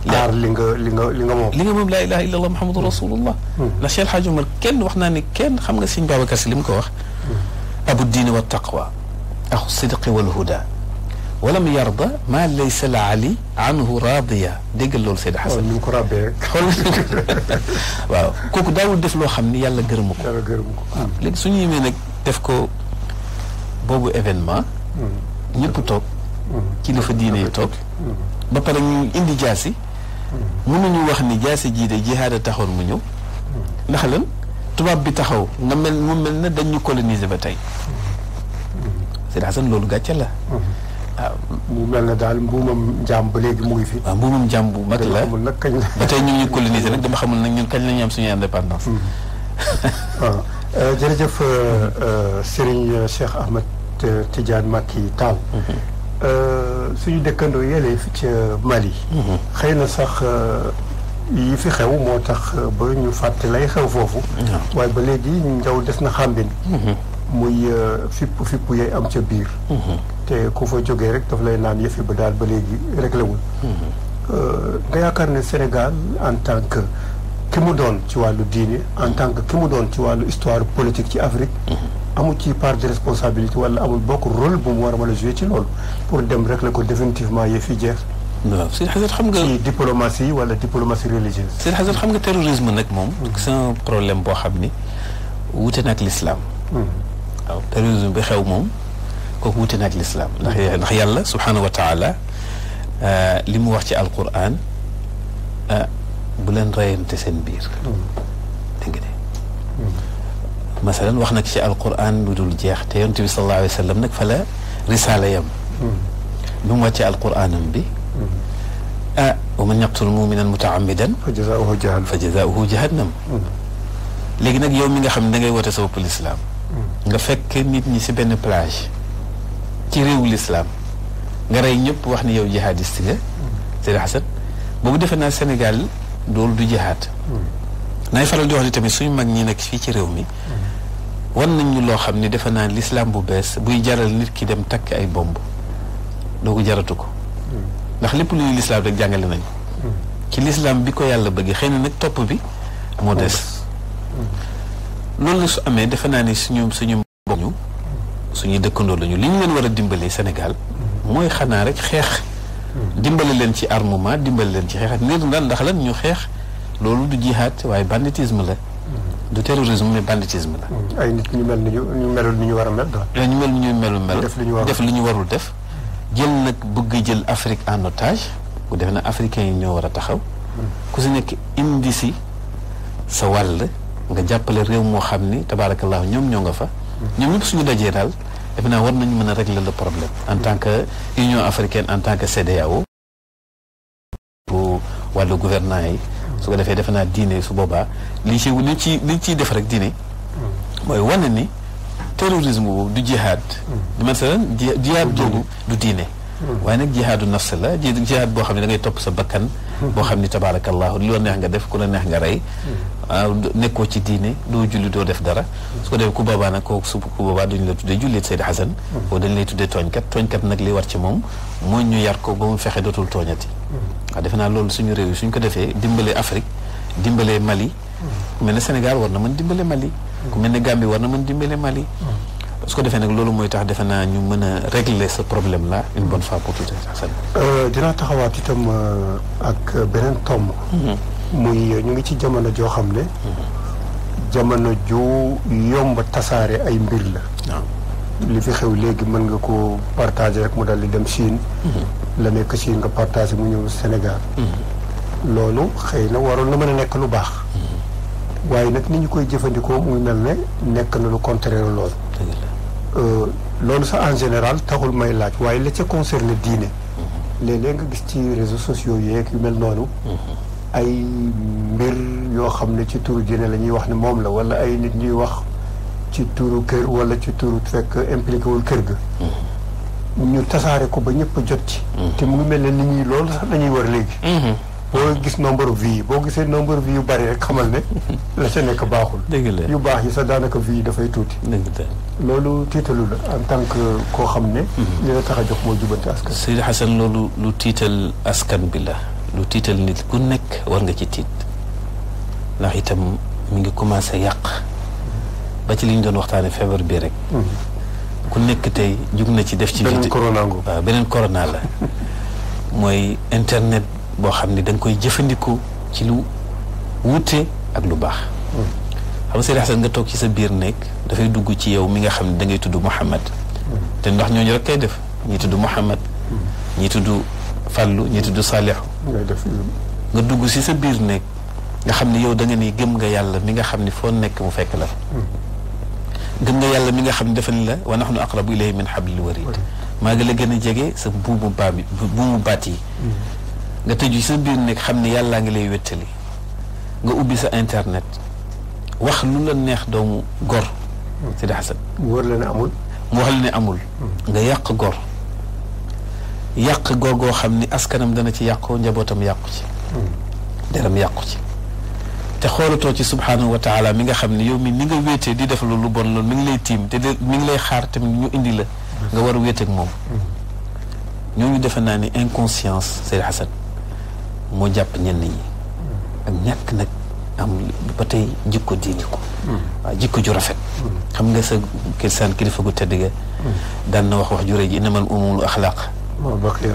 li nga li nga li nga moom li nga moom laa ilaha a allah muhammadu rasulullah mm-hmm. kenn wax naa ne kenn xam nga sëñ Babacar Si li mu ko wax abu diine wa taqwa axu sidqi wal huda walam yarda maa laysa la ali anhu radiya déggal loolu Seydi Xasan oh, ni mu ko ràbbee rek waaw kooku daawul def loo xam ni yàlla gërëmu ko yàlla gërëmu ko waaw léegi suñu yimee nag def ko boobu événement hmm. ñëpp toog hmm. kilifa diine yi toog hmm. ba pare ñu indi jaasi ñu wax ni jaasi jii de jihaada taxoon mu ñëw ndax lan tubaab bi taxaw nga mel mu mel na dañu coloniser ba tey te daa san loolu gàcce la. ah mu mel ne daal mbuumam njaam léegi mu ngi fi. waaw mbuumam njaam bu mag la ba tey ñu ngi ñu colonisé nag dama xamul nag ñun kañ la ñu am suñu indépendance. Mm-hmm. waaw euh, jërëjëf euh, euh, Serigne Cheikh Ahmed Tidiane Macky Tall. Mm-hmm. suñu dëkkandoo yële fi ca Mali. Mm-hmm. xëy na sax yi fi xew moo tax ba ñu fàtte lay xew foofu. waaye ba léegi njaw des na xàmbin. muy euh, fipp fipp yay am ca biir mhm. te ku fa jógee rek daf lay naan yëfi ba daal ba léegi réglé wul mhm. euh, nga yaakaar ne Sénégal en tant que ki mu doon ci wàllu diine en tant que ki mu doon ci wàllu histoire politique ci Afrique mhm. amul ci part de responsabilité wala amul bokk rôle bu mu war a mën ci loolu pour dem rek la ko définitivement yëfi jeex waaw sëñ xam nga ci diplomatie wala diplomatie religieuse. sëñ Xassane xam nga terrorisme nag moom. c'est un problème boo xam ni wute na ak waaw terrorisme bi xew moom kooku wute nag ak lislaam ndax ndax yàlla subhaanahu wa taala euh, li mu wax ci alquran euh, bu leen rayante seen biir hmm. dégg hmm. wax nag ci alquran lu dul jeex te yonent bi sallallahu alayhi wa sallam nag fa la risaala yam bi hmm. mu wàccee alquranam bi ah wa man yaqtul muminan mutaamidan fa jazaauhu jahannam léegi nag yow mi nga xam ne da ngay woote sa bopp lislaam nga fekk nit ñi ci benn plage ci réewu lislaam nga rey ñëpp wax ni yow jihadiste nga Seydi Xasan boobu defe naa Sénégal loolu du jihaad nay faral di wax ni tamit suñu mag ñi nekk fii ci réew mi wan nañ loo xam ne defe naa lislaam bu bees buy jaral nit ki dem takk ay bomb doo ko jaratu ko ndax lépp luy lislaam rek jàngale nañ ci lislaam bi ko yàlla bëgg xëy na nag topp bi moo des loolu su amee defe naa ne suñu suñu mbokk ñu suñuy dëkkandoo lañu li ñu leen war a dimbalee Sénégal mooy xanaa rek xeex dimbale leen ci armement dimbale leen ci xeexat nir lan ndax lan ñu xeex loolu du jihaat waaye banditisme la du terrorisme mais banditisme la mm. ay ñu mel ni ñu melul ni ñu war a mel ñu mel ni ñu melu mel def li ñu warul def jël nag bëgg jël Afrique en otage ku defe na africains yi ñoo war a taxaw mm. ku si nekk indi si sa wàll nga jàppale réew moo xam ni tabaarakallah ñoom ñoo nga fa. ñoom ñëpp suñu dajee daal def naa war nañu mën a régler le problème. en tant que Union africaine en tant que CEDEAO. bu wàllu gouvernant yi. su ko defee defe naa diine su boobaa li ci li ci li ciy def rek diine. mooy wane ni terrorisme boobu du jihaad. Mm. du masalan jihaad joogu du diine. waaye nag jihaadu nafs la jihaad boo xam ne da ngay topp sa bakkan boo xam ni tabaarakallahu lu la neex nga def ku la neex nga rey nekkoo ci diine doo julli doo def dara su ko defee ku boobaa nag kooku su ku boobaa duñu la tuddee jullit Seydi Xasan koo dañ lay tuddee tooñkat tooñkat nag li war ci moom mooy ñu yar ko ba mu fexe dootul tooñati waaw defe naa loolu suñu réew yi suñ ko defee dimbalee Afrique dimbalee Mali ku mel ne Sénégal war na mën dimbale Mali ku mel ne Gambie war na mën dimbale Mali su ko defee nag loolu mooy tax defe naa ñu mën a régler ce problème là une bonne fois pour toutes et euh, dinaa taxawaat itam euh, ak beneen tomb. Mhm. muy euh, ñu ngi ci jamono joo xam ne. Mhm. jamono ju yomb tasaare ay mbir la. li fi xew léegi mën nga ko partager rek mu dal di dem Chine. Mhm. la nekk siin nga partager mu ñëw Sénégal. loolu xëy na waroon na mën a nekk lu baax. waaye nag ni ñu koy jëfandikoo mu mel ne nekk na lu contraire lool. Euh, loolu sax en général taxul may laaj waaye la ca concerne diine léeg nga gis ci réseau sociaux yeeg yu mel noonu mm-hmm. ay mbir yoo xam ne ci turu diine la ñuy wax ne moom la wala ay nit ñuy wax ci turu kër wala ci turu fekk impliqué wul kër gi mm-hmm. ñu tasaare ko ba ñëpp jot ci mm-hmm. te mu ngi mel ne nit ñi loolu sax dañuy war léegi boo gis nombre vie boo gisee nombre vie yu bari rek xamal ne la ca nekk baaxul. yu baax yi sax daanaka vie dafay tuuti. loolu tiitalu la en tant que koo xam ne. Mhm. li la tax a jox mooy jubante askan. Seydou Hassan loolu lu tiital askan bi la lu tiital nit ku nekk war nga ci tiit ndax itam mu ngi commencé yàq ba ci li ñu doon waxtaanee feebar bi rek. Mhm. ku nekk tey jug na ci def ci. beneen corona beneen corona la mooy internet. boo xam ne da koy jëfandikoo ci lu wute ak lu baax. xam nga Sëriñ nga toog ci sa biir nekk dafay dugg ci yow mi nga xam ne dangay ngay tudd Mouhamad. te ndox ñooñu rek kay def ñi tudd Mouhamad. ñi tudd Fàllu ñi tudd Saalixu. nga dugg si sa biir nekk nga xam ne yow da nga ni gëm nga yàlla mi nga xam ne foo nekk mu fekk la fa. gëm nga yàlla mi nga xam ne dafa ni la wa nahnu aqrabu ilayhi min hablil warid maa ngi la gën a jege sa buumu baam buumu baat yi. nga tëju sa biir nekk xam ne yàllaa ngi lay wéttali nga ubbi sa internet wax lu la neex doomu gor Sidi Xasan mu wër la ne amul mu ne amul hmm. nga yàq gor yàq gor goo xam ni askanam dana ci yàqu njabootam yàqu ci hmm. deram yàqu ci te xoolatoo ci subhaanahu wa taala mi nga xam ne yow mi ni nga wéetee di def lu bon loolu mi ngi lay tiim te de mi ngi lay xaar tamit ñu indi la nga war a wéeteeg moom hmm. ñooñu defe naa ni inconscience Seydi Xasan moo jàpp ñenn ñi ak ñàkk nag am ba tey jikko diini hmm. jikko ju rafet hmm. xam nga sa kirsaan kilifa gu tedd ga hmm. daan na wax wax ju rëy ji innamal umul axlaaq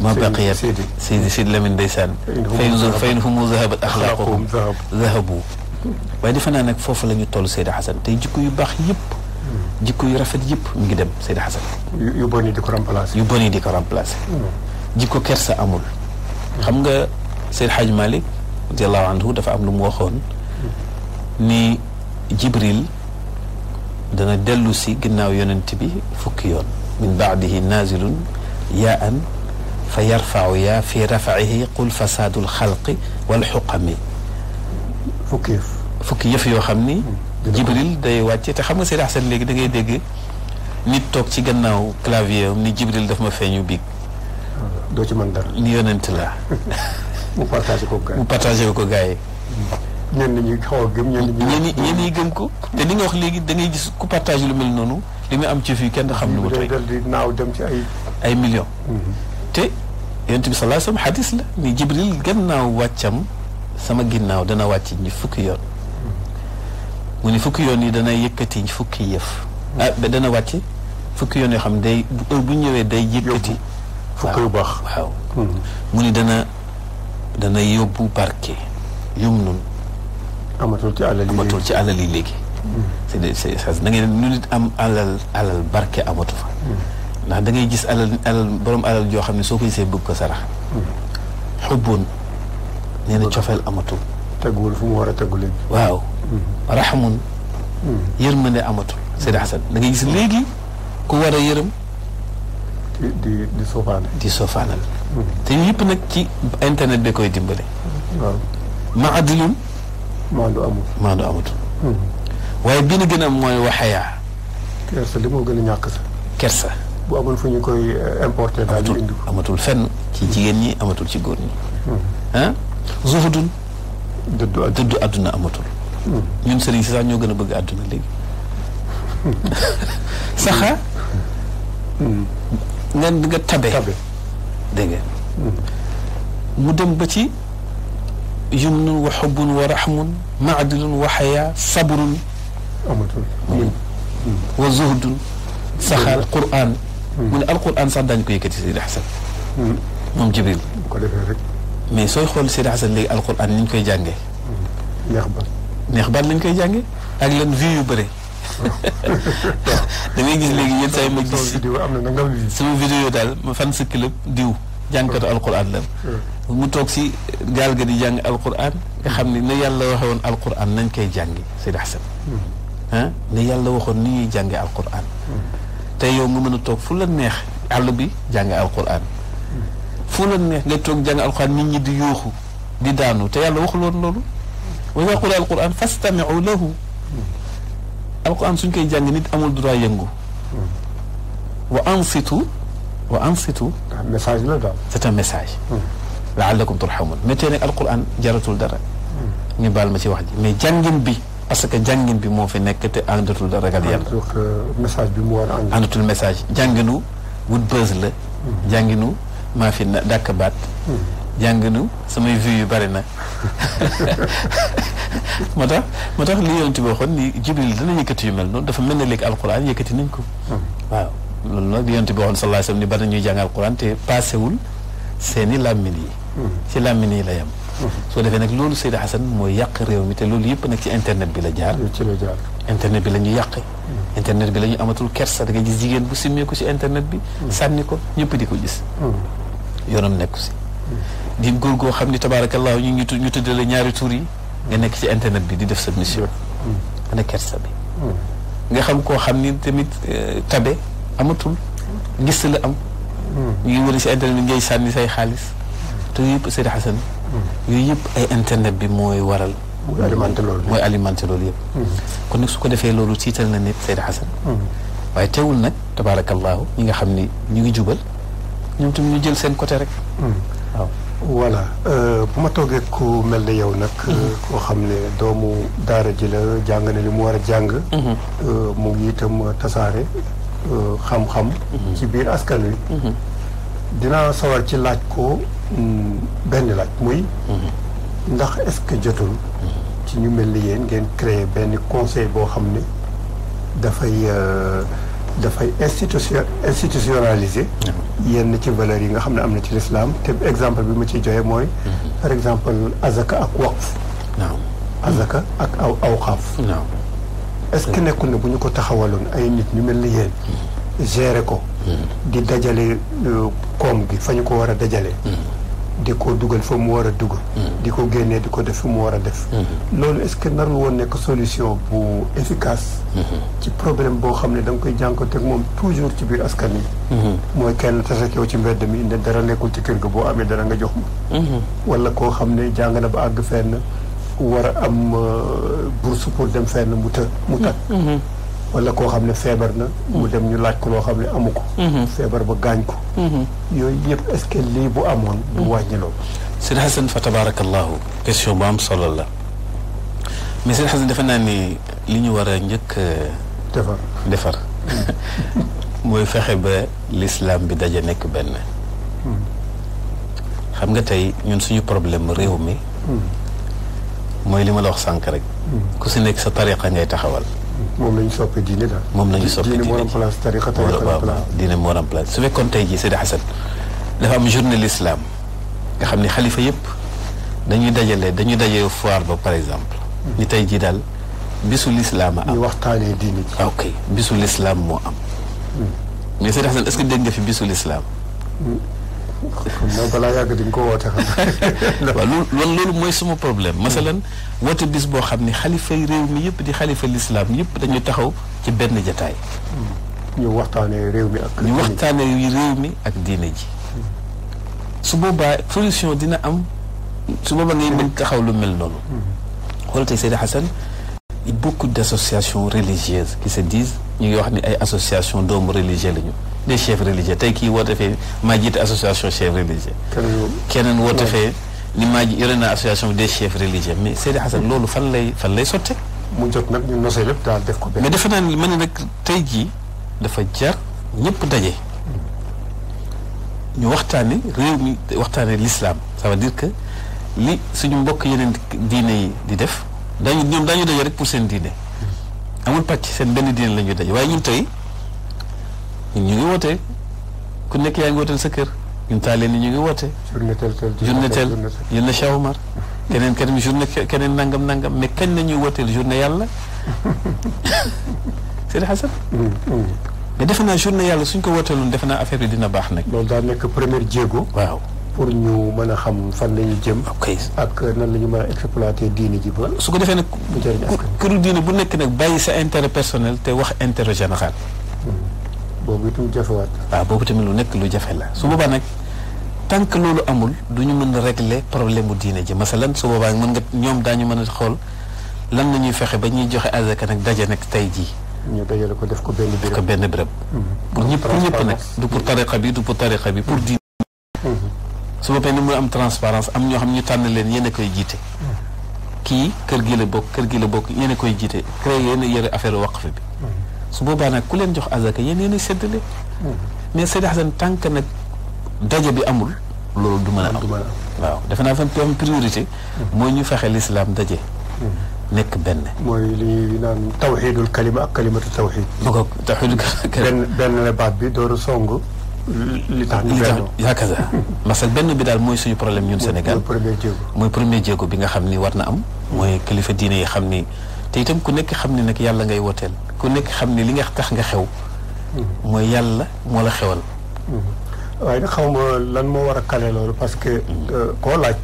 ma baqiyat sidi sidi lamin ndeysaan fa in humu zahabat axlaaquhum zahabu waaye defe naa nag foofu la toll Seydi Xasan tey jikko yu baax yëpp jikko yu rafet yëpp mu ngi dem Seydi yu bon yu bon yi di ko remplacer jikko kersa amul xam nga Seyd Hadj Malick radiallahu anhu dafa am lu mu waxoon ni Jibril dana dellu si ginnaaw yonent bi fukki yoon min baadihi nazilun yaa an fa yarfau yaa fi rafaihi qul fasaadul xalqi wal fukki yëf fukki yëf yoo xam ni Jibril day wàcce te xam nga Seyd Ahsan léegi da ngay dégg ci gannaaw clavier ni Jibril daf ma feeñu biig doo ci mën dara mu partagé ko gars yi mu ko gars yi. ñenn ñi gën ko te li nga wax léegi da ngay gis ku partagé lu mel noonu li muy am ci fii kenn xam lu mu tey dal naaw dem ci ay. ay millions. Mhm. te yonent bi sallallahu alayhi wasallam hadis la ni Jibril gannaaw wàccam sama ginnaaw dana wàcc ñu fukki yoon. mu ni fukki yoon yi dana yëkkati fukki yëf. ah dana wàcc fukki yoon yoo xam day bu bu ñëwee day. yëkkati fukki yu baax mhm. mu ni dana. dana yóbbu barke yum nun amatul ci alal yi amatul ci alal yi léegi. c' est ça da ngeen lu nit alal alal barke amatu fa. ndax da ngay gis alal alal borom alal joo xam ne soo ko gisee bëgg ko sarax. xubboon nee na teguwul fu mu war a tegu léegi. waaw. Mm-hmm. raxamun. Mm-hmm. yërmande amatul. Seydi Xasan da ngay gis léegi ku war a yërëm. di di te yëpp nag ci internet bi koy dimbale. waaw maadilum. maandu amut maandu amut. Hmm. waaye bi ñu gën a mooy waxeyaa. kersa li moo gën a ñàkk sa. kersa. bu amoon fu ñu koy eh, importer daal di indi amatul fenn ci jigéen ñi amatul ci góor ñi. ah zuhudun. dëddu àdduna amatul. Hmm. ñun sëriñ si sax ñoo gën a bëgg àdduna léegi. saxa. a nga tabe. dégg nga mu dem ba ci yumnun wa xubbun wa raxmun maadilun wa xayaa sabrun amatul wa zuhdun saxaal quraan hmm. mu ne alquraan sax daañu ko yëkkati Seydi Xasan hmm. moom Jibril ko defee rek mais sooy xool Seydi Xasan léegi alquraan ni ñu koy jàngee hmm. neex ban neex ban lañ koy jàngee ak lan vie yu bëre da ngay gis léegi yéen saa yi ma gis sama vidéo daal ma fan sa club diw jànkatu alquran la mu toog si gaal ga di jàng alquran nga xam ni ne na yàlla waxe woon alquran nañ koy jàngi si daxsan ah hmm. ne yàlla waxoon ni ñuy jànge alquran hmm. te yow nga mën a toog fu la neex àll bi jàng alquran hmm. fu la neex nga toog jàng alquran nit ñi di yuuxu di daanu te yàlla waxul woon loolu wa ida qura alquran fastamiu lahu alquran suñ koy jàng nit amul droit yëngu. wa ansitu wa ansitu. Ah, message la daal. c'est un message. Hmm. laallakum turhamun mais tey nag alquran jaratul dara. ñu hmm. baal ma ci wax ji mais jàngin bi. parce que jàngin bi moo fi nekk te àndatul dara ragal yàlla. Ah, euh, message bi mu war message jànginu wut buzz la. Hmm. jànginu maa fi dàkk baat. jànginu samay vues yu bari na. moo tax moo tax li yonent bi waxoon ni jibril dana yëkkati yu mel noonu dafa mel ne léegi alquran yëkkati nañ ko waaw loolu nag li yonent bi waxoon sallallahu alayhi wasallam ni bari na ñuy jàng alquran làmmin yi ci làmmin yi la yem soo defee nag loolu Seydi Hassan mooy yàq réew mi yëpp nag ci internet bi la jaar internet bi la ñu yàqe internet bi la amatul kersa da nga gis jigéen bu simmeeku si internet bi sànni ko ñëpp di ko gis yoonam nekku si di góor goo xam ni tabaarakallaahu ñu ngi ñu tuddale ñaari tur yi nga nekk ci internet bi di def sa mission. Mm. ana kersa bi. Mm. nga xam koo xam ni tamit euh, tabe amatul. gis la am. ñu ngi si internet bi ngay sànni say xaalis. Mm. te yooyu yëpp Seydi ay internet bi mooy waral. mooy alimenté loolu mooy alimenté loolu yëpp. kon nag su ko defee loolu tiital na nit Seydi Xasan. waaye teewul nag tabaarakallaahu ñi nga xam ni ñu ngi jubal ñoom tam ñu jël seen côté rek. voilà euh, bu ma toogee ku mel ne yow nag. Mhm. Euh, koo xam ne doomu daara ji la jàng na li mu war a jàng. Mhm. Euh, mu ngi itam tasaare xam-xam. Mhm. ci biir askan wi. dinaa sawar ci laaj ko mm, benn laaj muy. ndax est-ce que jotul. ci ñu mel ni yéen ngeen créer benn conseil boo xam ne dafay. dafay institution institutionnaliser mm-hmm. yenn ci valeurs yi nga xam ne am na ci lislaam te exemple bi ma ciy joxe mooy mm-hmm. par exemple azaka ak waqf azaka ak aw aw est-ce que nekkul na bu ñu ko taxawaloon ay nit ñu mel ni yéen mm-hmm. gérer ko di dajale euh, koom gi fa ñu ko war a dajale di ko dugal fa mu war a dugal. Mm-hmm. di ko génnee di ko def fa mu war a def. Mm-hmm. loolu est-ce que narul woon nekk solution bu efficace. Mm-hmm. ci problème boo xam ne da nga koy jànkuwanteeg moom toujours ci biir askan yi mooy kenn tase ci mbedd mi indi dara nekkul ci kër ga boo amee dara nga jox ma. wala koo xam ne jàng na ba àgg fenn war a am euh, bourse pour dem fenn mu të mu wala koo xam ne feebar na. mu dem ñu laaj ko loo xam ne amu ko. Mm-hmm. feebar ba gaañ ko. Mm-hmm. yooyu yëpp est lii bu amoon. du mm-hmm. wàññi loolu. Sëñ Xasan fa tabaarakallaahu question bu am solo la mais Sëñ Xasan defe naa ni li ñu war a njëkk euh, defar mooy fexe ba lislaam bi daje nekk benn. xam nga tey ñun suñu problème réew mi. mooy li ma la wax sànq rek. ku si nekk sa tariqa ngay taxawal. moom la ñu soppi diine daal. moom la ñu soppi diine diine moo remplace tariqa tariqa remplace moo remplace su tey jii Seydi Hassan dafa am journée l'islam nga xam ne xalifa yëpp dañuy dajale dañuy dajale foir ba par exemple. ni tey jii daal bisu l'islam am. ñu waxtaanee diine ji. ok bisu l'islam moo am. Hmm. mais Seydi Hassan est que dégg nga fi bisu l'islam. Hmm. kon nag balaa yàgg di ko woote xam. loolu mooy suma problème. masalan woote bis boo xam ni xalifa yi réew mi yëpp di xalifa lislaam yëpp dañuy taxaw ci benn jataay. Hmm. ñu waxtaanee réew mi ak. ñu waxtaanee réew mi ak diine ji. Hmm. su boobaa solution dina am su boobaa ngay mën taxaw lu mel noonu. Hmm. xoolal tey Seydou Hassan beaucoup d' associations religieuses qui se disent ñu ngi wax ni ay association doomu religieux lañu. des chefs religieux tey kii woote fee maa jiite association chefs religieux. keneen woote fee li maa yore naa association des chefs religieux mais Seydi Hassan loolu fan lay fan lay sotte mu jot nag ñu nosee lépp daal ko benn. mais defe naa ne ma ne nag tey jii dafa jar ñëpp daje. ñu waxtaane réew mi waxtaane l'islam ça veut que li suñu mbokk yeneen diine yi di def dañu ñoom daañu daje rek pour seen diine amul pàcc seen benn diine la ñuy daje waaye ñun tey. ñu ngi woote ku nekk yaa ngi wooteel sa kër ñun taale ni ñu ngi woote. journée tel tel journée tel journée Cheikh Omar. keneen keneen journée keneen nangam nangam mais kañ la ñuy wooteel journée yàlla Seydi Hassan. Mm, mm. mais defe naa journée yàlla suñ ko wooteeloon defe naa affaire bi dina baax nag. loolu daa nekk première jéego. waaw. pour ñu mën a xam fan la ñuy jëm. ak nan la ñu mën a exploiter diine ji su ko defee nag këru diine bu nekk nag bàyyi sa intérêt personnel te wax intérêt général. Mm. boobu itam jafewaat. waaw boobu tamit lu nekk lu jafe la su boobaa nag tant loolu amul du ñu mën a régler problème mu diine ji masalan su boobaa mën nga ñoom daañu mën a xool lan la ñuy fexe ba ñuy joxe azaka nag daje nag tey jii. ñu dajale ko def ko benn béréb def ko benn béréb. Mhm. pour ñëpp pour ñëpp nag du pour tariqa bi du pour tariqa bi pour diine. Mhm. su boobaa ni mu am transparence am ñoo xam ñu tànn leen yéen koy jiite. Mhm. kii kër gi la bokk kër gi la bokk yéen koy jiite créé yéen a yore affaire bi. su boobaa nag ku leen jox azaka yéen yéen a séddale mais Seydi Xasan tànk nag daje bi amul loolu du mën a am waaw defe naa fa am priorité hmm. mooy ñu fexe lislaam daje hmm. nekk benn mooy li ñuy naan tawxiidul kalima ak kalimatu tawxiid ko tawxiidul kalima benn la baat bi door a song li tax ni benn yaakaar parce que benn bi daal mooy suñu problème ñun Sénégal mooy premier jéego bi nga xam ni war na am hmm. mooy kilifa diine yi xam ni te itam ku nekk xam ne nag yàlla ngay wooteel ku nekk xam ni li nga tax nga xew mm-hmm. mooy yàlla moo la xewal mm-hmm. waaye ma lan moo war a kale parce que mm-hmm. euh, koo laaj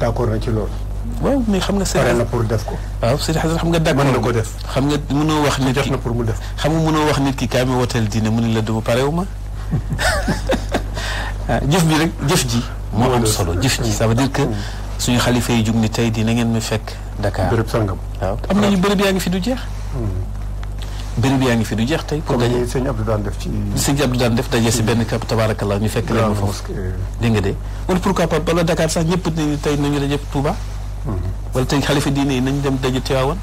d'accord na ci loolu waaw mais xam nga sëriñ na pour def ko waaw sëriñ Xasan xam nga dagg mën na ko def xam nga mënoo wax nit ki def na pour mu def xam nga mënoo wax nit ki kaay ma wooteel diine mu ne la duma parewu ma ah, jëf bi rek jëf ji moo am solo jëf ji ça veut dire suñu xalifa yi jug ni tey dina ngeen mi fekk Dakar. béréb sangam waaw am nañu béréb yaa ngi fi du jeex. Hmm. béréb yaa ngi fi du jeex tey. pour daje sëñ Abdou daan def ci. sëñ Abdou daan def daje si hmm. benn kàpp tabaarakallah ñu fekk leen foofu. dégg nga de wala pourquoi pas bala Dakar sax ñëpp nañu tey nañu daje Touba. Hmm. wala tey xalifa diine yi nañu dem daje Tiwaawan.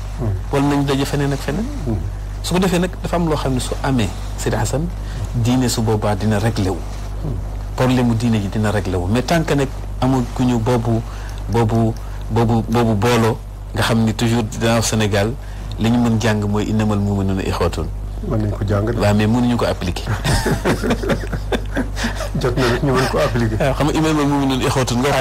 wala nañu daje feneen ak feneen. su ko defee nag dafa am loo xam ne su amee Sidi Hassan diine su boobaa dina réglé wu. problème mu diine ji dina réglé wu mais tant que nag amaguñu boobu boobu boobu boobu booloo nga xam ni toujours dans Sénégal li ñu mën jàng mooy innamal mu'minuuna ixwatun mën nañ ko jàng waaw mais mënuñu ko appliquer jot na nag ñu mën ko appliquer xam nga innamal mu'minuuna ixwatun nga ko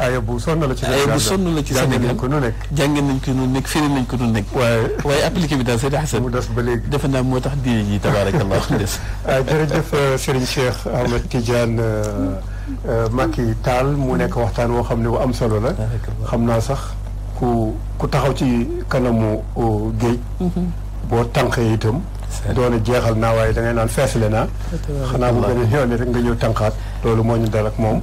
aaya bu sonn la ci aaya bu sonn la ci Sénégal ko nu nekk jàngeen nañ ko nu nekk firi nañ ko nu nekk waaye waaye appliquer bi daal c'est Hassan mu des ba léegi defe naa moo tax diine ji tabaarakallah des jërëjëf euh, Serigne Cheikh Ahmed Tidiane euh, Euh, Macky taal mu nekk waxtaan woo xam ne bu am solo la. xam naa sax ku ku taxaw ci kanamu uh, géej. Mhm. boo tànqee itam. doone jeexal naa waaye dangay ngay naan feesle naa. xanaa bu beneen yoon rek nga ñëw tànqaat. loolu moo ñu dal ak moom.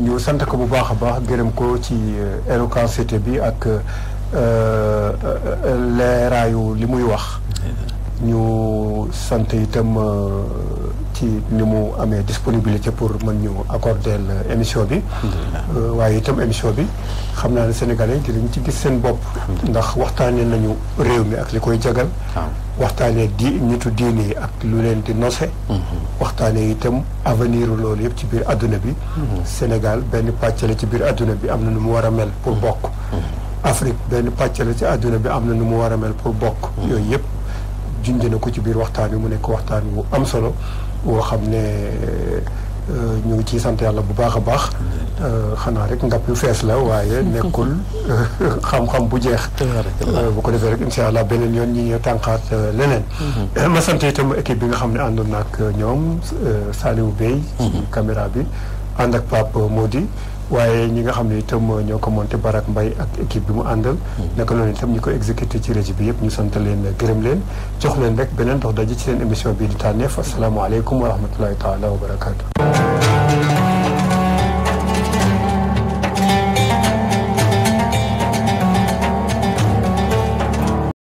ñu sant ko bu baax a baax gërëm ko ci euh, éloquencité bi ak euh, leeraayu li muy wax. ñu sant itam euh, ci ni mu amee disponibilité pour mën ñu accorder émission bi. Euh, waaye itam émission bi xam naa ne sénégalais dinañ ci gis seen bopp. ndax waxtaanee nañu réew mi ak li koy jagal. waxtaanee di nitu diine ak lu leen di nose mhm. waxtaanee itam avenir loolu yëpp ci biir àdduna bi. Mhm. Sénégal benn pàcc la ci biir àdduna mhm. bi am na nu mu war a mel pour bokk. Afrique benn pàcc la ci àdduna bi am na nu mu war a mel pour bokk. yooyu yëpp. junj na ko ci biir waxtaan wi mu nekk waxtaan wu am solo woo xam ne euh, ñu ngi ciy sant yàlla bu baax a baax. Euh, xanaa rek ndap yu fees la waaye nekkul euh, xam-xam bu jeex. bu ko defee rek incha allah beneen yoon ñu ñuy tànqaat leneen. Mm-hmm. ma sant itam équipe bi nga xam ne àndoon na ak ñoom Saliou Bey. ci mm-hmm. caméra bi ànd ak Pape Mody. waaye ñi nga xam ne itam ñoo ko monté Barak mbay ak équipe bi mu àndal mm-hmm. naka noonu itam ñi ko exécuté ci régie bi yëpp ñu sant leen gërëm leen jox leen rek beneen dox daje ci seen émission bii di tànneef asalaamaaleykum wa rahmatullahi taala wa barakaatu